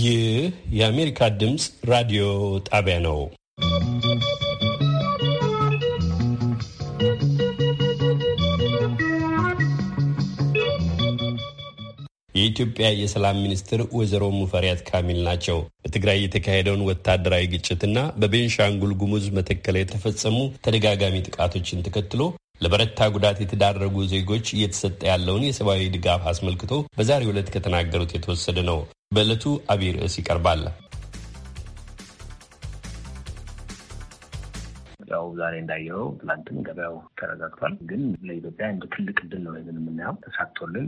ይህ የአሜሪካ ድምፅ ራዲዮ ጣቢያ ነው። የኢትዮጵያ የሰላም ሚኒስትር ወይዘሮ ሙፈሪያት ካሚል ናቸው። በትግራይ የተካሄደውን ወታደራዊ ግጭትና በቤንሻንጉል ጉሙዝ መተከል የተፈጸሙ ተደጋጋሚ ጥቃቶችን ተከትሎ ለበረታ ጉዳት የተዳረጉ ዜጎች እየተሰጠ ያለውን የሰብአዊ ድጋፍ አስመልክቶ በዛሬው ዕለት ከተናገሩት የተወሰደ ነው። በዕለቱ አብይ ርዕስ ይቀርባል። ገበያው ዛሬ እንዳየው ትላንትም ገበያው ተረጋግቷል። ግን ለኢትዮጵያ እንደ ትልቅ እድል ነው ይህንን የምናየው። ተሳቶልን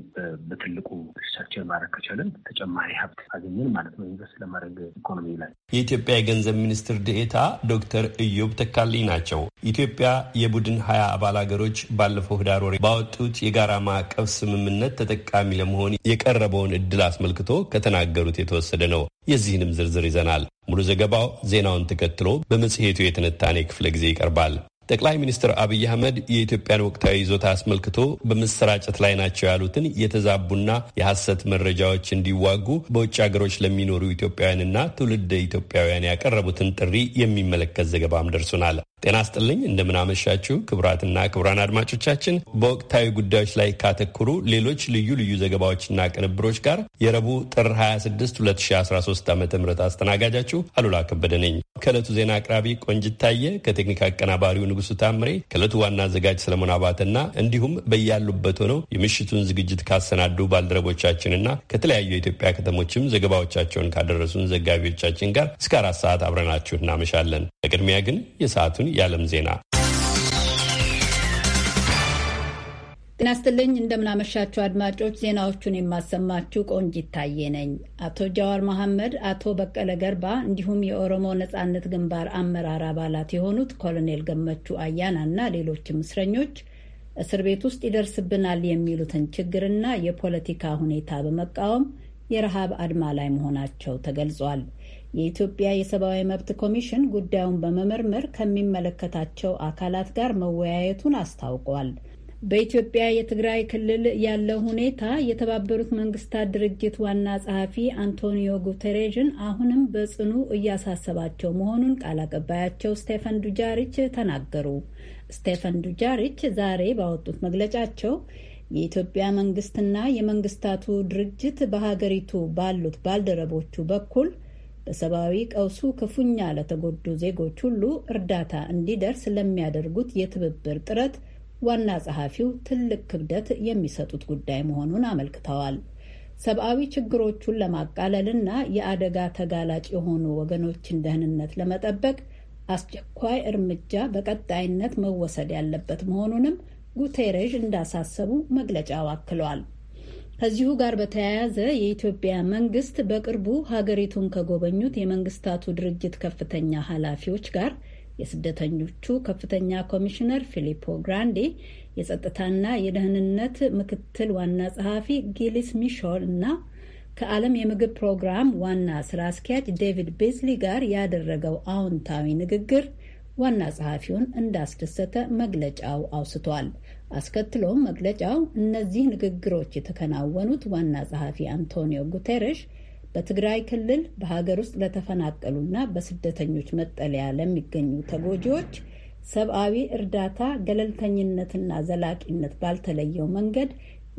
በትልቁ ሪስትራክቸር ማድረግ ከቻልን ተጨማሪ ሀብት አገኘን ማለት ነው ኢንቨስት ለማድረግ ኢኮኖሚ ላይ። የኢትዮጵያ የገንዘብ ሚኒስትር ድኤታ ዶክተር እዩብ ተካልኝ ናቸው። ኢትዮጵያ የቡድን ሀያ አባል ሀገሮች ባለፈው ህዳር ወር ባወጡት የጋራ ማዕቀፍ ስምምነት ተጠቃሚ ለመሆን የቀረበውን እድል አስመልክቶ ከተናገሩት የተወሰደ ነው። የዚህንም ዝርዝር ይዘናል። ሙሉ ዘገባው ዜናውን ተከትሎ በመጽሔቱ የትንታኔ ክፍለ ጊዜ ይቀርባል። ጠቅላይ ሚኒስትር አብይ አህመድ የኢትዮጵያን ወቅታዊ ይዞታ አስመልክቶ በመሰራጨት ላይ ናቸው ያሉትን የተዛቡና የሐሰት መረጃዎች እንዲዋጉ በውጭ ሀገሮች ለሚኖሩ ኢትዮጵያውያንና ትውልደ ኢትዮጵያውያን ያቀረቡትን ጥሪ የሚመለከት ዘገባም ደርሶናል። ጤና ስጥልኝ እንደምናመሻችሁ ክቡራትና ክቡራን አድማጮቻችን በወቅታዊ ጉዳዮች ላይ ካተኩሩ ሌሎች ልዩ ልዩ ዘገባዎችና ቅንብሮች ጋር የረቡዕ ጥር 26 2013 ዓ ም አስተናጋጃችሁ አሉላ ከበደ ነኝ። ከእለቱ ዜና አቅራቢ ቆንጅት ታየ፣ ከቴክኒክ አቀናባሪው ንጉሱ ታምሬ፣ ከእለቱ ዋና አዘጋጅ ሰለሞን አባተና እንዲሁም በያሉበት ሆነው የምሽቱን ዝግጅት ካሰናዱ ባልደረቦቻችንና ከተለያዩ የኢትዮጵያ ከተሞችም ዘገባዎቻቸውን ካደረሱን ዘጋቢዎቻችን ጋር እስከ አራት ሰዓት አብረናችሁ እናመሻለን። በቅድሚያ ግን የሰዓቱን የዓለም ዜና ጤና እንደምናመሻቸው እንደምናመሻችሁ አድማጮች፣ ዜናዎቹን የማሰማችሁ ቆንጅ ይታየ ነኝ። አቶ ጃዋር መሐመድ፣ አቶ በቀለ ገርባ እንዲሁም የኦሮሞ ነጻነት ግንባር አመራር አባላት የሆኑት ኮሎኔል ገመቹ አያና እና ሌሎችም እስረኞች እስር ቤት ውስጥ ይደርስብናል የሚሉትን ችግርና የፖለቲካ ሁኔታ በመቃወም የረሃብ አድማ ላይ መሆናቸው ተገልጿል። የኢትዮጵያ የሰብአዊ መብት ኮሚሽን ጉዳዩን በመመርመር ከሚመለከታቸው አካላት ጋር መወያየቱን አስታውቋል። በኢትዮጵያ የትግራይ ክልል ያለው ሁኔታ የተባበሩት መንግስታት ድርጅት ዋና ጸሐፊ አንቶኒዮ ጉተሬዥን አሁንም በጽኑ እያሳሰባቸው መሆኑን ቃል አቀባያቸው ስቴፈን ዱጃሪች ተናገሩ። ስቴፈን ዱጃሪች ዛሬ ባወጡት መግለጫቸው የኢትዮጵያ መንግስትና የመንግስታቱ ድርጅት በሀገሪቱ ባሉት ባልደረቦቹ በኩል በሰብአዊ ቀውሱ ክፉኛ ለተጎዱ ዜጎች ሁሉ እርዳታ እንዲደርስ ለሚያደርጉት የትብብር ጥረት ዋና ጸሐፊው ትልቅ ክብደት የሚሰጡት ጉዳይ መሆኑን አመልክተዋል። ሰብአዊ ችግሮቹን ለማቃለልና የአደጋ ተጋላጭ የሆኑ ወገኖችን ደህንነት ለመጠበቅ አስቸኳይ እርምጃ በቀጣይነት መወሰድ ያለበት መሆኑንም ጉቴሬዥ እንዳሳሰቡ መግለጫው አክሏል። ከዚሁ ጋር በተያያዘ የኢትዮጵያ መንግስት በቅርቡ ሀገሪቱን ከጎበኙት የመንግስታቱ ድርጅት ከፍተኛ ኃላፊዎች ጋር የስደተኞቹ ከፍተኛ ኮሚሽነር ፊሊፖ ግራንዴ፣ የጸጥታና የደህንነት ምክትል ዋና ጸሐፊ ጊሊስ ሚሾል እና ከዓለም የምግብ ፕሮግራም ዋና ስራ አስኪያጅ ዴቪድ ቤዝሊ ጋር ያደረገው አዎንታዊ ንግግር ዋና ጸሐፊውን እንዳስደሰተ መግለጫው አውስቷል። አስከትሎም መግለጫው እነዚህ ንግግሮች የተከናወኑት ዋና ጸሐፊ አንቶኒዮ ጉቴሬሽ በትግራይ ክልል በሀገር ውስጥ ለተፈናቀሉና በስደተኞች መጠለያ ለሚገኙ ተጎጂዎች ሰብአዊ እርዳታ ገለልተኝነትና ዘላቂነት ባልተለየው መንገድ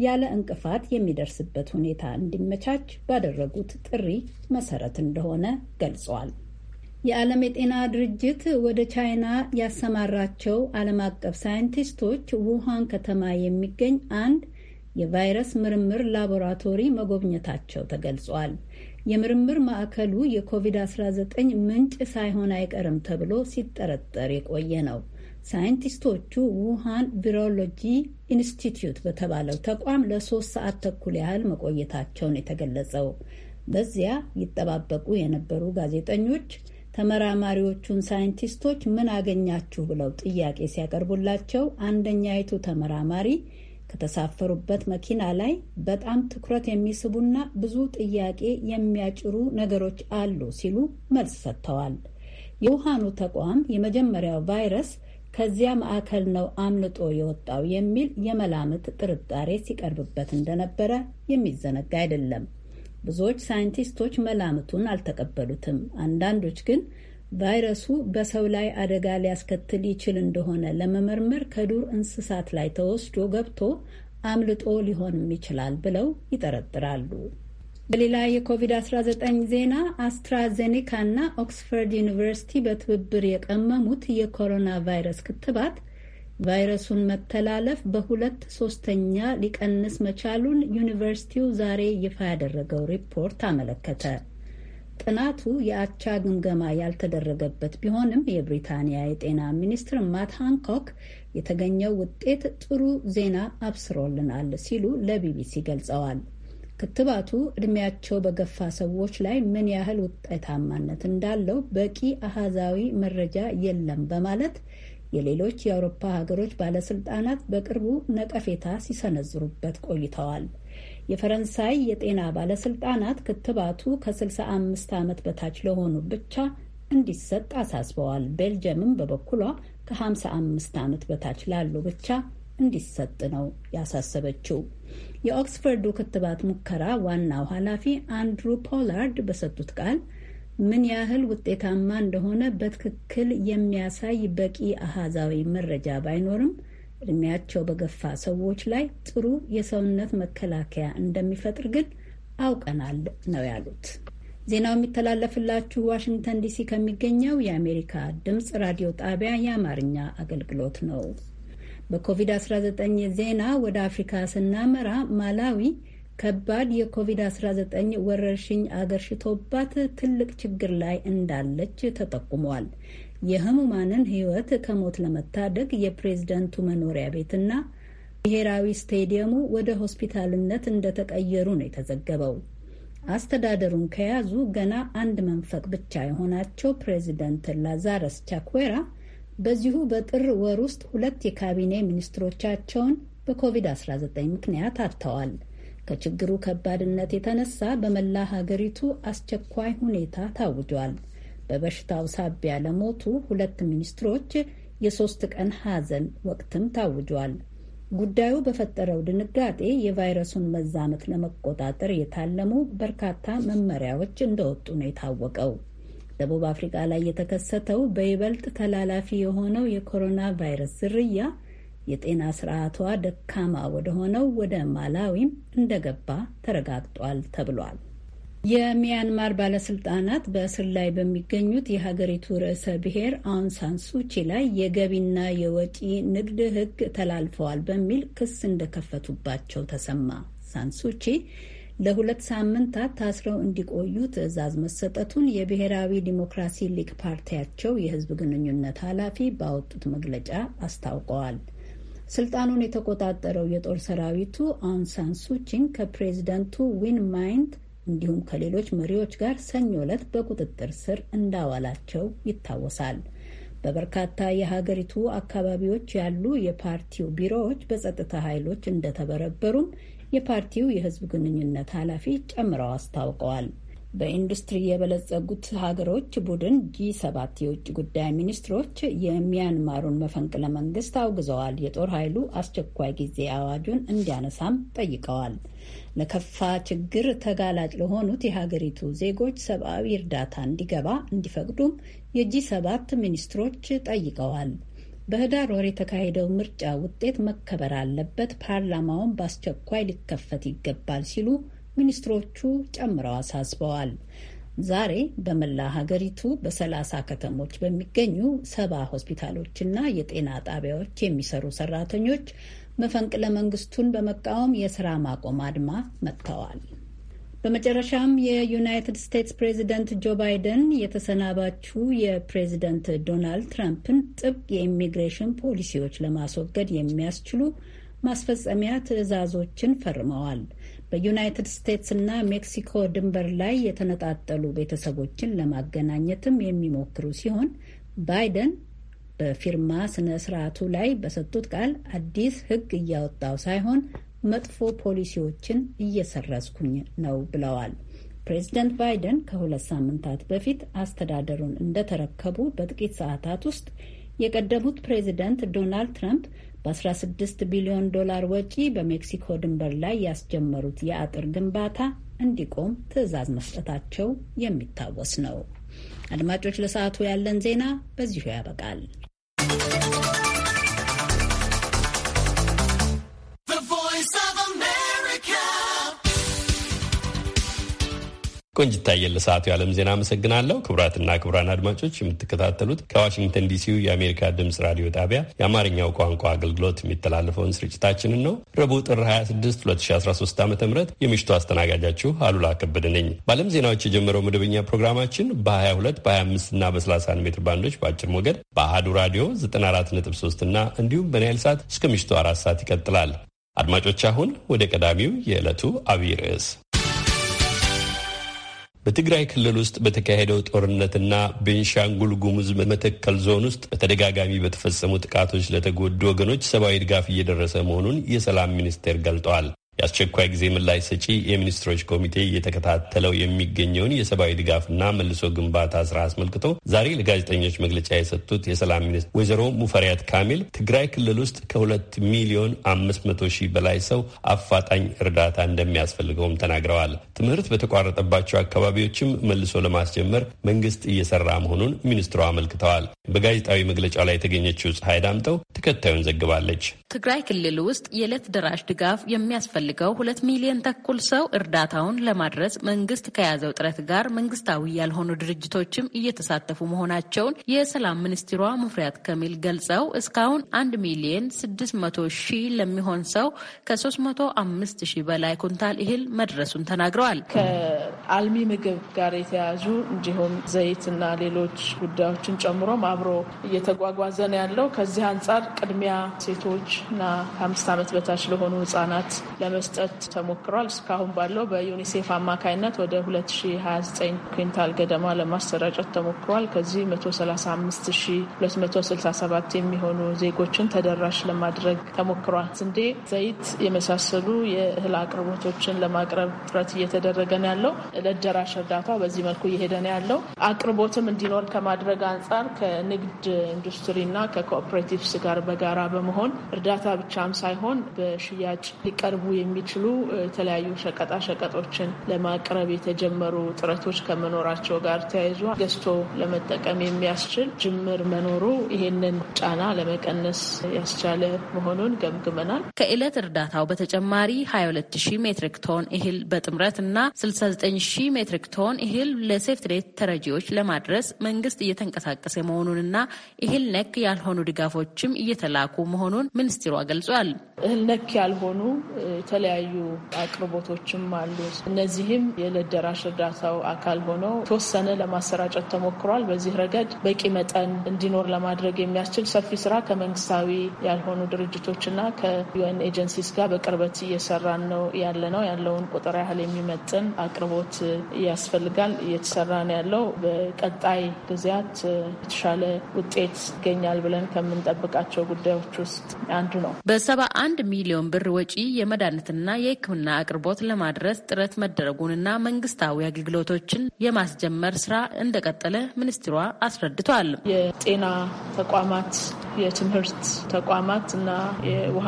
ያለ እንቅፋት የሚደርስበት ሁኔታ እንዲመቻች ባደረጉት ጥሪ መሰረት እንደሆነ ገልጿል። የዓለም የጤና ድርጅት ወደ ቻይና ያሰማራቸው ዓለም አቀፍ ሳይንቲስቶች ውሃን ከተማ የሚገኝ አንድ የቫይረስ ምርምር ላቦራቶሪ መጎብኘታቸው ተገልጿል። የምርምር ማዕከሉ የኮቪድ-19 ምንጭ ሳይሆን አይቀርም ተብሎ ሲጠረጠር የቆየ ነው። ሳይንቲስቶቹ ውሃን ቪሮሎጂ ኢንስቲትዩት በተባለው ተቋም ለሶስት ሰዓት ተኩል ያህል መቆየታቸውን የተገለጸው በዚያ ይጠባበቁ የነበሩ ጋዜጠኞች ተመራማሪዎቹን ሳይንቲስቶች ምን አገኛችሁ ብለው ጥያቄ ሲያቀርቡላቸው አንደኛይቱ ተመራማሪ ከተሳፈሩበት መኪና ላይ በጣም ትኩረት የሚስቡና ብዙ ጥያቄ የሚያጭሩ ነገሮች አሉ ሲሉ መልስ ሰጥተዋል። የውሃኑ ተቋም የመጀመሪያው ቫይረስ ከዚያ ማዕከል ነው አምልጦ የወጣው የሚል የመላምት ጥርጣሬ ሲቀርብበት እንደነበረ የሚዘነጋ አይደለም። ብዙዎች ሳይንቲስቶች መላምቱን አልተቀበሉትም። አንዳንዶች ግን ቫይረሱ በሰው ላይ አደጋ ሊያስከትል ይችል እንደሆነ ለመመርመር ከዱር እንስሳት ላይ ተወስዶ ገብቶ አምልጦ ሊሆንም ይችላል ብለው ይጠረጥራሉ። በሌላ የኮቪድ-19 ዜና አስትራዜኔካ እና ኦክስፎርድ ዩኒቨርሲቲ በትብብር የቀመሙት የኮሮና ቫይረስ ክትባት ቫይረሱን መተላለፍ በሁለት ሶስተኛ ሊቀንስ መቻሉን ዩኒቨርሲቲው ዛሬ ይፋ ያደረገው ሪፖርት አመለከተ። ጥናቱ የአቻ ግምገማ ያልተደረገበት ቢሆንም የብሪታንያ የጤና ሚኒስትር ማት ሃንኮክ የተገኘው ውጤት ጥሩ ዜና አብስሮልናል ሲሉ ለቢቢሲ ገልጸዋል። ክትባቱ እድሜያቸው በገፋ ሰዎች ላይ ምን ያህል ውጤታማነት እንዳለው በቂ አሃዛዊ መረጃ የለም በማለት የሌሎች የአውሮፓ ሀገሮች ባለስልጣናት በቅርቡ ነቀፌታ ሲሰነዝሩበት ቆይተዋል። የፈረንሳይ የጤና ባለስልጣናት ክትባቱ ከ65 ዓመት በታች ለሆኑ ብቻ እንዲሰጥ አሳስበዋል። ቤልጅየምም በበኩሏ ከ55 ዓመት በታች ላሉ ብቻ እንዲሰጥ ነው ያሳሰበችው። የኦክስፎርዱ ክትባት ሙከራ ዋናው ኃላፊ አንድሩ ፖላርድ በሰጡት ቃል ምን ያህል ውጤታማ እንደሆነ በትክክል የሚያሳይ በቂ አሃዛዊ መረጃ ባይኖርም እድሜያቸው በገፋ ሰዎች ላይ ጥሩ የሰውነት መከላከያ እንደሚፈጥር ግን አውቀናል ነው ያሉት። ዜናው የሚተላለፍላችሁ ዋሽንግተን ዲሲ ከሚገኘው የአሜሪካ ድምፅ ራዲዮ ጣቢያ የአማርኛ አገልግሎት ነው። በኮቪድ-19 ዜና ወደ አፍሪካ ስናመራ ማላዊ ከባድ የኮቪድ-19 ወረርሽኝ አገርሽቶባት ትልቅ ችግር ላይ እንዳለች ተጠቁሟል። የህሙማንን ህይወት ከሞት ለመታደግ የፕሬዝደንቱ መኖሪያ ቤትና ብሔራዊ ስቴዲየሙ ወደ ሆስፒታልነት እንደተቀየሩ ነው የተዘገበው። አስተዳደሩን ከያዙ ገና አንድ መንፈቅ ብቻ የሆናቸው ፕሬዚደንት ላዛረስ ቻኩዌራ በዚሁ በጥር ወር ውስጥ ሁለት የካቢኔ ሚኒስትሮቻቸውን በኮቪድ-19 ምክንያት አጥተዋል። ከችግሩ ከባድነት የተነሳ በመላ ሀገሪቱ አስቸኳይ ሁኔታ ታውጇል። በበሽታው ሳቢያ ለሞቱ ሁለት ሚኒስትሮች የሶስት ቀን ሐዘን ወቅትም ታውጇል። ጉዳዩ በፈጠረው ድንጋጤ የቫይረሱን መዛመት ለመቆጣጠር የታለሙ በርካታ መመሪያዎች እንደወጡ ነው የታወቀው። ደቡብ አፍሪካ ላይ የተከሰተው በይበልጥ ተላላፊ የሆነው የኮሮና ቫይረስ ዝርያ የጤና ስርዓቷ ደካማ ወደሆነው ወደ ማላዊም እንደገባ ተረጋግጧል ተብሏል። የሚያንማር ባለስልጣናት በእስር ላይ በሚገኙት የሀገሪቱ ርዕሰ ብሔር አውንሳን ሱቺ ላይ የገቢና የወጪ ንግድ ሕግ ተላልፈዋል በሚል ክስ እንደከፈቱባቸው ተሰማ። ሳንሱቺ ለሁለት ሳምንታት ታስረው እንዲቆዩ ትዕዛዝ መሰጠቱን የብሔራዊ ዲሞክራሲ ሊግ ፓርቲያቸው የህዝብ ግንኙነት ኃላፊ ባወጡት መግለጫ አስታውቀዋል። ስልጣኑን የተቆጣጠረው የጦር ሰራዊቱ አንሳን ሱቺን ከፕሬዚደንቱ ዊን ማይንት እንዲሁም ከሌሎች መሪዎች ጋር ሰኞ ዕለት በቁጥጥር ስር እንዳዋላቸው ይታወሳል። በበርካታ የሀገሪቱ አካባቢዎች ያሉ የፓርቲው ቢሮዎች በጸጥታ ኃይሎች እንደተበረበሩም የፓርቲው የህዝብ ግንኙነት ኃላፊ ጨምረው አስታውቀዋል። በኢንዱስትሪ የበለጸጉት ሀገሮች ቡድን ጂ ሰባት የውጭ ጉዳይ ሚኒስትሮች የሚያንማሩን መፈንቅለ መንግስት አውግዘዋል። የጦር ኃይሉ አስቸኳይ ጊዜ አዋጁን እንዲያነሳም ጠይቀዋል። ለከፋ ችግር ተጋላጭ ለሆኑት የሀገሪቱ ዜጎች ሰብአዊ እርዳታ እንዲገባ እንዲፈቅዱም የጂ ሰባት ሚኒስትሮች ጠይቀዋል። በህዳር ወር የተካሄደው ምርጫ ውጤት መከበር አለበት፣ ፓርላማውን በአስቸኳይ ሊከፈት ይገባል ሲሉ ሚኒስትሮቹ ጨምረው አሳስበዋል። ዛሬ በመላ ሀገሪቱ በሰላሳ ከተሞች በሚገኙ ሰባ ሆስፒታሎችና የጤና ጣቢያዎች የሚሰሩ ሰራተኞች መፈንቅለ መንግስቱን በመቃወም የስራ ማቆም አድማ መጥተዋል። በመጨረሻም የዩናይትድ ስቴትስ ፕሬዚደንት ጆ ባይደን የተሰናባቹ የፕሬዚደንት ዶናልድ ትራምፕን ጥብቅ የኢሚግሬሽን ፖሊሲዎች ለማስወገድ የሚያስችሉ ማስፈጸሚያ ትዕዛዞችን ፈርመዋል። በዩናይትድ እና ሜክሲኮ ድንበር ላይ የተነጣጠሉ ቤተሰቦችን ለማገናኘትም የሚሞክሩ ሲሆን ባይደን በፊርማ ስነ ስርዓቱ ላይ በሰጡት ቃል አዲስ ሕግ እያወጣው ሳይሆን መጥፎ ፖሊሲዎችን እየሰረዝኩኝ ነው ብለዋል። ፕሬዚደንት ባይደን ከሁለት ሳምንታት በፊት አስተዳደሩን እንደተረከቡ በጥቂት ሰዓታት ውስጥ የቀደሙት ፕሬዚደንት ዶናልድ ትራምፕ በ16 ቢሊዮን ዶላር ወጪ በሜክሲኮ ድንበር ላይ ያስጀመሩት የአጥር ግንባታ እንዲቆም ትዕዛዝ መስጠታቸው የሚታወስ ነው። አድማጮች፣ ለሰዓቱ ያለን ዜና በዚሁ ያበቃል። ቆንጅታየን ለሰዓቱ የዓለም ዜና አመሰግናለሁ። ክቡራትና ክቡራን አድማጮች የምትከታተሉት ከዋሽንግተን ዲሲው የአሜሪካ ድምፅ ራዲዮ ጣቢያ የአማርኛው ቋንቋ አገልግሎት የሚተላለፈውን ስርጭታችንን ነው። ረቡዕ ጥር 26 2013 ዓ ም የምሽቱ አስተናጋጃችሁ አሉላ ከበደ ነኝ። በዓለም ዜናዎች የጀመረው መደበኛ ፕሮግራማችን በ22 በ25 እና በ31 ሜትር ባንዶች በአጭር ሞገድ በአህዱ ራዲዮ 943 እና እንዲሁም በናይል ሰዓት እስከ ምሽቱ አራት ሰዓት ይቀጥላል። አድማጮች አሁን ወደ ቀዳሚው የዕለቱ አብይ ርዕስ በትግራይ ክልል ውስጥ በተካሄደው ጦርነትና ቤንሻንጉል ጉሙዝ መተከል ዞን ውስጥ በተደጋጋሚ በተፈጸሙ ጥቃቶች ለተጎዱ ወገኖች ሰብአዊ ድጋፍ እየደረሰ መሆኑን የሰላም ሚኒስቴር ገልጠዋል። የአስቸኳይ ጊዜ ምላሽ ሰጪ የሚኒስትሮች ኮሚቴ እየተከታተለው የሚገኘውን የሰብአዊ ድጋፍና መልሶ ግንባታ ስራ አስመልክቶ ዛሬ ለጋዜጠኞች መግለጫ የሰጡት የሰላም ሚኒስትር ወይዘሮ ሙፈሪያት ካሚል ትግራይ ክልል ውስጥ ከሁለት ሚሊዮን አምስት መቶ ሺህ በላይ ሰው አፋጣኝ እርዳታ እንደሚያስፈልገውም ተናግረዋል። ትምህርት በተቋረጠባቸው አካባቢዎችም መልሶ ለማስጀመር መንግስት እየሰራ መሆኑን ሚኒስትሩ አመልክተዋል። በጋዜጣዊ መግለጫው ላይ የተገኘችው ፀሐይ ዳምጠው ተከታዩን ዘግባለች። ትግራይ ክልል ውስጥ የዕለት ደራሽ ድጋፍ የሚያስፈል ለሚፈልገው ሁለት ሚሊዮን ተኩል ሰው እርዳታውን ለማድረስ መንግስት ከያዘው ጥረት ጋር መንግስታዊ ያልሆኑ ድርጅቶችም እየተሳተፉ መሆናቸውን የሰላም ሚኒስትሯ ሙፍሪያት ከሚል ገልጸው እስካሁን አንድ ሚሊዮን ስድስት መቶ ሺህ ለሚሆን ሰው ከሶስት መቶ አምስት ሺህ በላይ ኩንታል እህል መድረሱን ተናግረዋል። ከአልሚ ምግብ ጋር የተያዙ እንዲሁም ዘይትና ሌሎች ጉዳዮችን ጨምሮም አብሮ እየተጓጓዘ ነው ያለው። ከዚህ አንጻር ቅድሚያ ሴቶች ሴቶችና ከአምስት ዓመት በታች ለሆኑ ህጻናት ለመስጠት ተሞክሯል። እስካሁን ባለው በዩኒሴፍ አማካይነት ወደ 2029 ኩንታል ገደማ ለማሰራጨት ተሞክሯል። ከዚህ 135267 የሚሆኑ ዜጎችን ተደራሽ ለማድረግ ተሞክሯል። ስንዴ፣ ዘይት የመሳሰሉ የእህል አቅርቦቶችን ለማቅረብ ጥረት እየተደረገ ነው ያለው። ለደራሽ እርዳታ በዚህ መልኩ እየሄደ ነው ያለው። አቅርቦትም እንዲኖር ከማድረግ አንጻር ከንግድ ኢንዱስትሪና ከኮኦፕሬቲቭስ ጋር በጋራ በመሆን እርዳታ ብቻም ሳይሆን በሽያጭ ሊቀርቡ የሚችሉ የተለያዩ ሸቀጣ ሸቀጦችን ለማቅረብ የተጀመሩ ጥረቶች ከመኖራቸው ጋር ተያይዞ ገዝቶ ለመጠቀም የሚያስችል ጅምር መኖሩ ይህንን ጫና ለመቀነስ ያስቻለ መሆኑን ገምግመናል። ከእለት እርዳታው በተጨማሪ 22 ሺህ ሜትሪክ ቶን እህል በጥምረት እና 69 ሺ ሜትሪክ ቶን እህል ለሴፍትሬት ተረጂዎች ለማድረስ መንግስት እየተንቀሳቀሰ መሆኑንና እህል ነክ ያልሆኑ ድጋፎችም እየተላኩ መሆኑን ሚኒስትሯ ገልጿል። እህል ነክ ያልሆኑ የተለያዩ አቅርቦቶችም አሉ። እነዚህም የዕለት ደራሽ እርዳታው አካል ሆነው ተወሰነ ለማሰራጨት ተሞክሯል። በዚህ ረገድ በቂ መጠን እንዲኖር ለማድረግ የሚያስችል ሰፊ ስራ ከመንግስታዊ ያልሆኑ ድርጅቶችና ከዩኤን ኤጀንሲስ ጋር በቅርበት እየሰራን ነው ያለ ነው። ያለውን ቁጥር ያህል የሚመጥን አቅርቦት ያስፈልጋል፣ እየተሰራ ነው ያለው። በቀጣይ ጊዜያት የተሻለ ውጤት ይገኛል ብለን ከምንጠብቃቸው ጉዳዮች ውስጥ አንዱ ነው። በሰባ አንድ ሚሊዮን ብር ወጪ የመድኃኒትና የሕክምና አቅርቦት ለማድረስ ጥረት መደረጉንና መንግስታዊ አገልግሎቶችን የማስጀመር ስራ እንደቀጠለ ሚኒስትሯ አስረድቷል። የጤና ተቋማት፣ የትምህርት ተቋማት እና የውሃ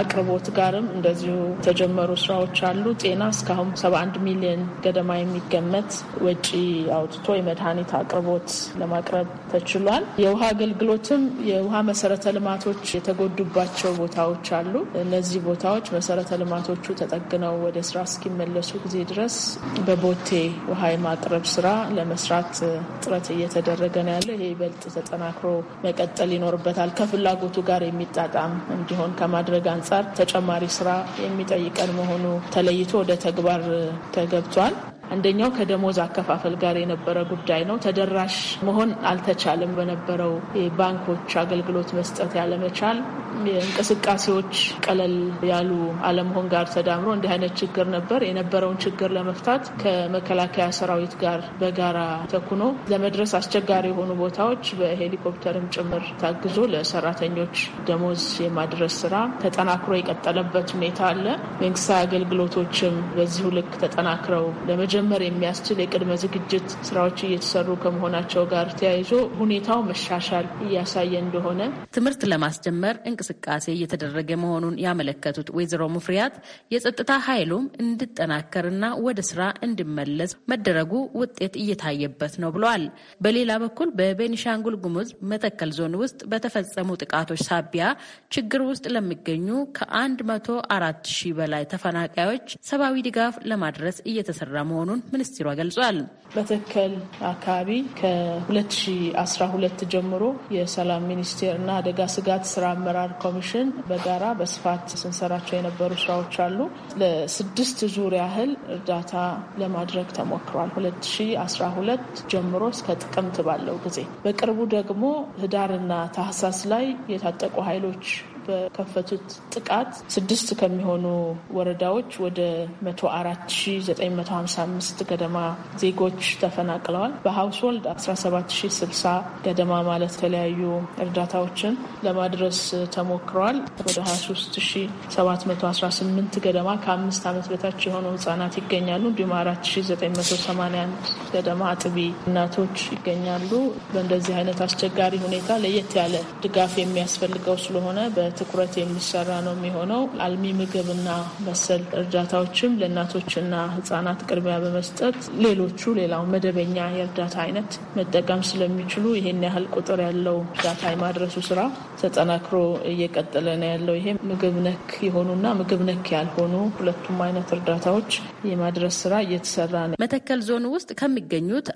አቅርቦት ጋርም እንደዚሁ የተጀመሩ ስራዎች አሉ። ጤና እስካሁን 71 ሚሊዮን ገደማ የሚገመት ወጪ አውጥቶ የመድኃኒት አቅርቦት ለማቅረብ ተችሏል። የውሃ አገልግሎትም የውሃ መሰረተ ልማቶች የተጎዱባቸው ቦታዎች አሉ። አሉ። እነዚህ ቦታዎች መሰረተ ልማቶቹ ተጠግነው ወደ ስራ እስኪመለሱ ጊዜ ድረስ በቦቴ ውሃ የማቅረብ ስራ ለመስራት ጥረት እየተደረገ ነው ያለ። ይሄ ይበልጥ ተጠናክሮ መቀጠል ይኖርበታል። ከፍላጎቱ ጋር የሚጣጣም እንዲሆን ከማድረግ አንጻር ተጨማሪ ስራ የሚጠይቀን መሆኑ ተለይቶ ወደ ተግባር ተገብቷል። አንደኛው ከደሞዝ አከፋፈል ጋር የነበረ ጉዳይ ነው። ተደራሽ መሆን አልተቻለም። በነበረው የባንኮች አገልግሎት መስጠት ያለመቻል፣ የእንቅስቃሴዎች ቀለል ያሉ አለመሆን ጋር ተዳምሮ እንዲህ አይነት ችግር ነበር። የነበረውን ችግር ለመፍታት ከመከላከያ ሰራዊት ጋር በጋራ ተኩኖ ለመድረስ አስቸጋሪ የሆኑ ቦታዎች በሄሊኮፕተርም ጭምር ታግዞ ለሰራተኞች ደሞዝ የማድረስ ስራ ተጠናክሮ የቀጠለበት ሁኔታ አለ። መንግስታዊ አገልግሎቶችም በዚሁ ልክ ተጠናክረው ለመጀመ ለመጀመር የሚያስችል የቅድመ ዝግጅት ስራዎች እየተሰሩ ከመሆናቸው ጋር ተያይዞ ሁኔታው መሻሻል እያሳየ እንደሆነ ትምህርት ለማስጀመር እንቅስቃሴ እየተደረገ መሆኑን ያመለከቱት ወይዘሮ ሙፍሪያት የጸጥታ ኃይሉም እንዲጠናከርና ወደ ስራ እንዲመለስ መደረጉ ውጤት እየታየበት ነው ብለዋል። በሌላ በኩል በቤኒሻንጉል ጉሙዝ መተከል ዞን ውስጥ በተፈጸሙ ጥቃቶች ሳቢያ ችግር ውስጥ ለሚገኙ ከአንድ መቶ አራት ሺህ በላይ ተፈናቃዮች ሰብአዊ ድጋፍ ለማድረስ እየተሰራ መሆኑ መሆኑን ሚኒስትሯ ገልጿል። በተከል አካባቢ ከ2012 ጀምሮ የሰላም ሚኒስቴርና አደጋ ስጋት ስራ አመራር ኮሚሽን በጋራ በስፋት ስንሰራቸው የነበሩ ስራዎች አሉ። ለስድስት ዙር ያህል እርዳታ ለማድረግ ተሞክሯል። 2012 ጀምሮ እስከ ጥቅምት ባለው ጊዜ በቅርቡ ደግሞ ህዳርና ታህሳስ ላይ የታጠቁ ኃይሎች በከፈቱት ጥቃት ስድስት ከሚሆኑ ወረዳዎች ወደ 104955 ገደማ ዜጎች ተፈናቅለዋል። በሀውስሆልድ 17060 ገደማ ማለት የተለያዩ እርዳታዎችን ለማድረስ ተሞክረዋል። ወደ 23718 ገደማ ከአምስት ዓመት በታች የሆኑ ህጻናት ይገኛሉ። እንዲሁም 4981 ገደማ አጥቢ እናቶች ይገኛሉ። በእንደዚህ አይነት አስቸጋሪ ሁኔታ ለየት ያለ ድጋፍ የሚያስፈልገው ስለሆነ በ ትኩረት የሚሰራ ነው የሚሆነው። አልሚ ምግብና መሰል እርዳታዎችም ለእናቶችና ህጻናት ቅድሚያ በመስጠት ሌሎቹ ሌላው መደበኛ የእርዳታ አይነት መጠቀም ስለሚችሉ ይሄን ያህል ቁጥር ያለው እርዳታ የማድረሱ ስራ ተጠናክሮ እየቀጠለ ነው ያለው። ይሄ ምግብ ነክ የሆኑና ምግብ ነክ ያልሆኑ ሁለቱም አይነት እርዳታዎች የማድረስ ስራ እየተሰራ ነው። መተከል ዞን ውስጥ ከሚገኙት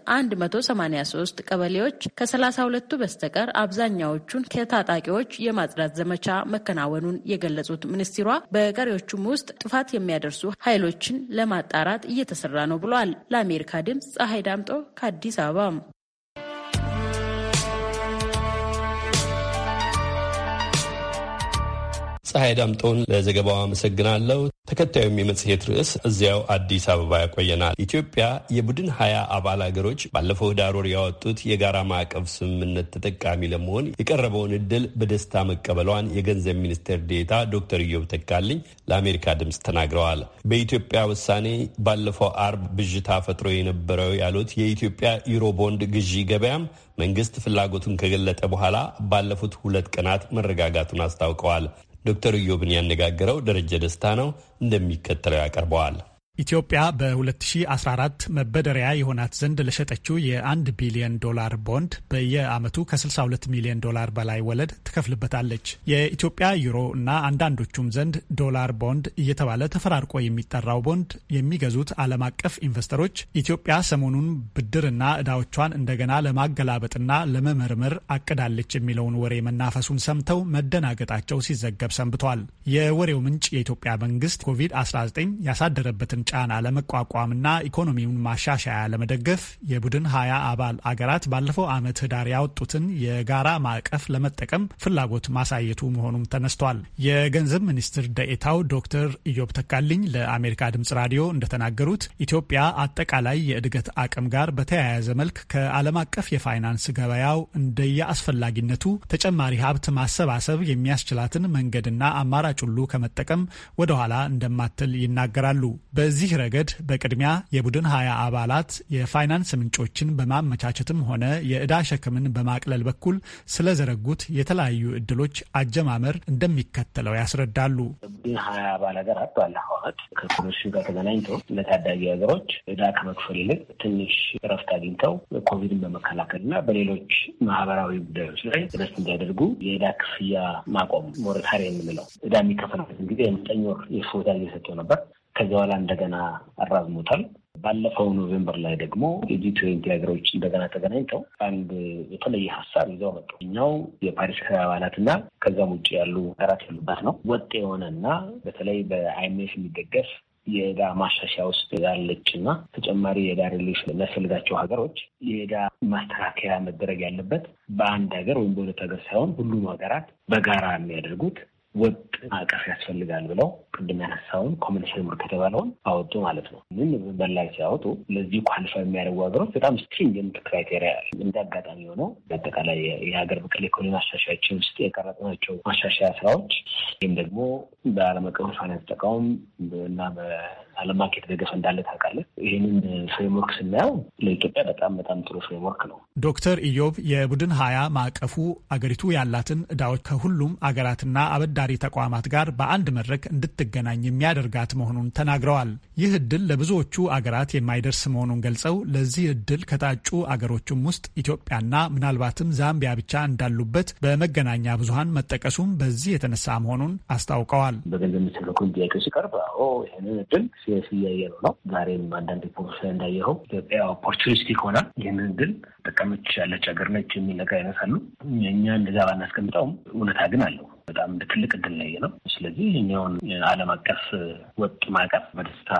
183 ቀበሌዎች ከ32ቱ በስተቀር አብዛኛዎቹን ከታጣቂዎች የማጽዳት ዘመቻ መከናወኑን የገለጹት ሚኒስትሯ በቀሪዎቹም ውስጥ ጥፋት የሚያደርሱ ኃይሎችን ለማጣራት እየተሰራ ነው ብለዋል። ለአሜሪካ ድምፅ ፀሐይ ዳምጦ ከአዲስ አበባ ፀሐይ ዳምጠውን ለዘገባው አመሰግናለሁ። ተከታዩም የመጽሔት ርዕስ እዚያው አዲስ አበባ ያቆየናል። ኢትዮጵያ የቡድን ሀያ አባል አገሮች ባለፈው ህዳር ወር ያወጡት የጋራ ማዕቀፍ ስምምነት ተጠቃሚ ለመሆን የቀረበውን እድል በደስታ መቀበሏን የገንዘብ ሚኒስቴር ዴታ ዶክተር ኢዮብ ተካልኝ ለአሜሪካ ድምፅ ተናግረዋል። በኢትዮጵያ ውሳኔ ባለፈው አርብ ብዥታ ፈጥሮ የነበረው ያሉት የኢትዮጵያ ዩሮቦንድ ግዢ ገበያም መንግስት ፍላጎቱን ከገለጠ በኋላ ባለፉት ሁለት ቀናት መረጋጋቱን አስታውቀዋል። ዶክተር ኢዮብን ያነጋገረው ደረጀ ደስታ ነው፣ እንደሚከተለው ያቀርበዋል። ኢትዮጵያ በ2014 መበደሪያ የሆናት ዘንድ ለሸጠችው የ1 ቢሊዮን ዶላር ቦንድ በየዓመቱ ከ62 ሚሊዮን ዶላር በላይ ወለድ ትከፍልበታለች። የኢትዮጵያ ዩሮ እና አንዳንዶቹም ዘንድ ዶላር ቦንድ እየተባለ ተፈራርቆ የሚጠራው ቦንድ የሚገዙት ዓለም አቀፍ ኢንቨስተሮች ኢትዮጵያ ሰሞኑን ብድርና እዳዎቿን እንደገና ለማገላበጥና ለመመርመር አቅዳለች የሚለውን ወሬ መናፈሱን ሰምተው መደናገጣቸው ሲዘገብ ሰንብቷል። የወሬው ምንጭ የኢትዮጵያ መንግስት ኮቪድ-19 ያሳደረበትን ጫና ለመቋቋምና ኢኮኖሚውን ማሻሻያ ለመደገፍ የቡድን ሀያ አባል አገራት ባለፈው ዓመት ህዳር ያወጡትን የጋራ ማዕቀፍ ለመጠቀም ፍላጎት ማሳየቱ መሆኑም ተነስቷል። የገንዘብ ሚኒስትር ደኤታው ዶክተር ኢዮብ ተካልኝ ለአሜሪካ ድምጽ ራዲዮ እንደተናገሩት ኢትዮጵያ አጠቃላይ የእድገት አቅም ጋር በተያያዘ መልክ ከዓለም አቀፍ የፋይናንስ ገበያው እንደየ አስፈላጊነቱ ተጨማሪ ሀብት ማሰባሰብ የሚያስችላትን መንገድና አማራጭ ሁሉ ከመጠቀም ወደኋላ እንደማትል ይናገራሉ። በዚህ ረገድ በቅድሚያ የቡድን ሀያ አባላት የፋይናንስ ምንጮችን በማመቻቸትም ሆነ የዕዳ ሸክምን በማቅለል በኩል ስለዘረጉት የተለያዩ እድሎች አጀማመር እንደሚከተለው ያስረዳሉ። ቡድን ሀያ አባል ሀገራት ባለፈው ዓመት ከኮሚሽኑ ጋር ተገናኝቶ ለታዳጊ ሀገሮች ዕዳ ከመክፈል ይልቅ ትንሽ እረፍት አግኝተው ኮቪድን በመከላከል እና በሌሎች ማህበራዊ ጉዳዮች ላይ ረስት እንዲያደርጉ የዕዳ ክፍያ ማቆም ሞረታሪ የምንለው ዕዳ የሚከፈልበትን ጊዜ የምጠኝ ወር የፎታ እየሰጠው ነበር። ከዚያ በኋላ እንደገና አራዝሞታል። ባለፈው ኖቬምበር ላይ ደግሞ የጂ ትዌንቲ ሀገሮች እንደገና ተገናኝተው አንድ የተለየ ሀሳብ ይዘው መጡ። እኛው የፓሪስ አባላትና ከዛም ውጭ ያሉ ሀገራት ያሉበት ነው። ወጥ የሆነ የሆነና በተለይ በአይምኤፍ የሚደገፍ የዕዳ ማሻሻያ ውስጥ ያለች እና ተጨማሪ የዕዳ ሪሊፍ የሚያስፈልጋቸው ሀገሮች የዕዳ ማስተካከያ መደረግ ያለበት በአንድ ሀገር ወይም በሁለት ሀገር ሳይሆን ሁሉም ሀገራት በጋራ የሚያደርጉት ወጥ ማዕቀፍ ያስፈልጋል ብለው ቅድም ያነሳውን ኮመን ፍሬምወርክ የተባለውን አወጡ ማለት ነው። ምን በላይ ሲያወጡ ለዚህ ኳሊፋይ የሚያደርጉ ሀገሮች በጣም ስትሪንጀንት ክራይቴሪያ እንደ አጋጣሚ ሆነው በአጠቃላይ የሀገር በቀል ኢኮኖሚ ማሻሻያችን ውስጥ የቀረጽናቸው ማሻሻያ ስራዎች ወይም ደግሞ በዓለም አቀፍ ፋይናንስ ተቃውም እና ዓለም አቀፍ የተደገፈ እንዳለ ታውቃለህ። ይህንን ፍሬምወርክ ስናየው ለኢትዮጵያ በጣም በጣም ጥሩ ፍሬምወርክ ነው። ዶክተር ኢዮብ የቡድን ሀያ ማዕቀፉ አገሪቱ ያላትን እዳዎች ከሁሉም አገራትና አበዳሪ ተቋማት ጋር በአንድ መድረክ እንድትገናኝ የሚያደርጋት መሆኑን ተናግረዋል። ይህ እድል ለብዙዎቹ አገራት የማይደርስ መሆኑን ገልጸው ለዚህ እድል ከታጩ አገሮችም ውስጥ ኢትዮጵያና ምናልባትም ዛምቢያ ብቻ እንዳሉበት በመገናኛ ብዙሀን መጠቀሱም በዚህ የተነሳ መሆኑን አስታውቀዋል። በገንዘብ ሚኒስትር በኩል ሲቀርብ ይህንን እድል ሲስ እያየነው ነው። ዛሬም አንዳንድ ሪፖርቶች ላይ እንዳየኸው ኢትዮጵያ ኦፖርቹኒስቲክ ሆና ይህንን ግን ጠቀመች ያለች ሀገር ነች የሚል ነገር አይነሳሉ። እኛ እንደዛ ባናስቀምጠውም እውነታ ግን አለው። በጣም ትልቅ እድል ላይ ነው። ስለዚህ እኛውን ዓለም አቀፍ ወጥ ማቀፍ በደስታ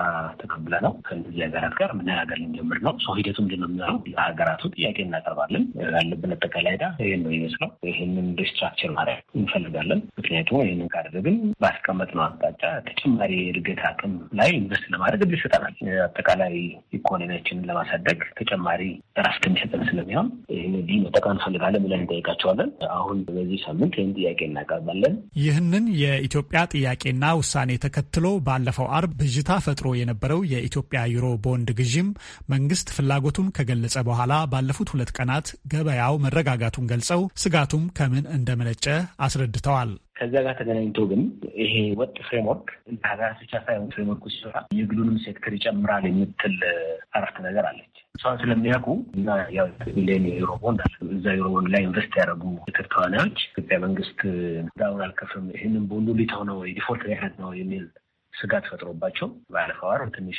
ተቀብለ ነው ከእነዚህ ሀገራት ጋር መነጋገር ልንጀምር ነው። ሰው ሂደቱ ምንድን ነው የሚሆነው? ለሀገራቱ ጥያቄ እናቀርባለን። ያለብን አጠቃላይ ዕዳ ይህን ነው ይመስለው። ይህንን ሪስትራክቸር ማድረግ እንፈልጋለን። ምክንያቱም ይህንን ካደረግን ባስቀመጥነው አቅጣጫ ተጨማሪ እድገት አቅም ላይ ኢንቨስት ለማድረግ እድል ይሰጠናል። አጠቃላይ ኢኮኖሚያችንን ለማሳደግ ተጨማሪ ራስት የሚሰጠን ስለሚሆን እነዚህ መጠቀም እንፈልጋለን ብለን እንጠይቃቸዋለን። አሁን በዚህ ሳምንት ይህን ጥያቄ እናቀርባለን። ይህንን የኢትዮጵያ ጥያቄና ውሳኔ ተከትሎ ባለፈው አርብ ብዥታ ፈጥሮ የነበረው የኢትዮጵያ ዩሮ ቦንድ ግዥም መንግስት ፍላጎቱን ከገለጸ በኋላ ባለፉት ሁለት ቀናት ገበያው መረጋጋቱን ገልጸው ስጋቱም ከምን እንደመነጨ አስረድተዋል። ከዛ ጋር ተገናኝቶ ግን ይሄ ወጥ ፍሬምወርክ እንደ ሀገራት ብቻ ሳይሆን ፍሬምወርክ ሲሰራ የግሉንም ሴክተር ይጨምራል የምትል አረፍተ ነገር አለች። እሷን ስለሚያውቁ እና ያው ሚሊዮን ዩሮ አለ። እዛ ዩሮ ላይ ኢንቨስት ያደረጉ ትር ተዋናዮች ኢትዮጵያ መንግስት ዳውን አልከፍም ይህንን ቦንዱ ሊተው ነው ዲፎልት ሪያት ነው የሚል ስጋት ፈጥሮባቸው ባለፈው ዓርብ ትንሽ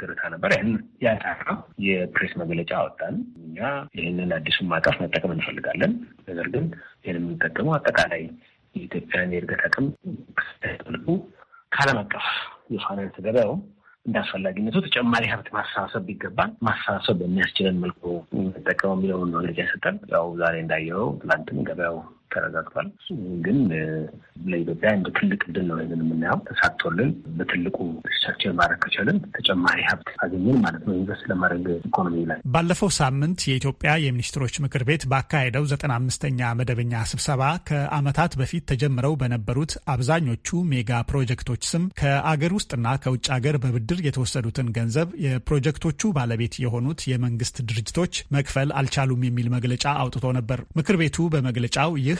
ግርታ ነበር። ይህን ያጣራ የፕሬስ መግለጫ አወጣን። እኛ ይህንን አዲሱን ማዕቀፍ መጠቀም እንፈልጋለን፣ ነገር ግን ይህን የምንጠቀመው አጠቃላይ የኢትዮጵያን የእድገት አቅም ከዓለም አቀፍ የፋይናንስ ገበያው እንደ አስፈላጊነቱ ተጨማሪ ሀብት ማሰባሰብ ቢገባን ማሰባሰብ በሚያስችለን መልኩ እንጠቀመው የሚለውን መግለጫ ሰጠን። ያው ዛሬ እንዳየው ትላንትም ገበያው ተረጋግቷል። ግን ለኢትዮጵያ እንደ ትልቅ ድል ነው ይህንን የምናየው። ተሳቶልን በትልቁ ስትራክቸር ማድረግ ከቻልን ተጨማሪ ሀብት አገኘን ማለት ነው ኢንቨስት ለማድረግ ኢኮኖሚ ላይ። ባለፈው ሳምንት የኢትዮጵያ የሚኒስትሮች ምክር ቤት ባካሄደው ዘጠና አምስተኛ መደበኛ ስብሰባ ከዓመታት በፊት ተጀምረው በነበሩት አብዛኞቹ ሜጋ ፕሮጀክቶች ስም ከአገር ውስጥና ከውጭ አገር በብድር የተወሰዱትን ገንዘብ የፕሮጀክቶቹ ባለቤት የሆኑት የመንግስት ድርጅቶች መክፈል አልቻሉም የሚል መግለጫ አውጥቶ ነበር። ምክር ቤቱ በመግለጫው ይህ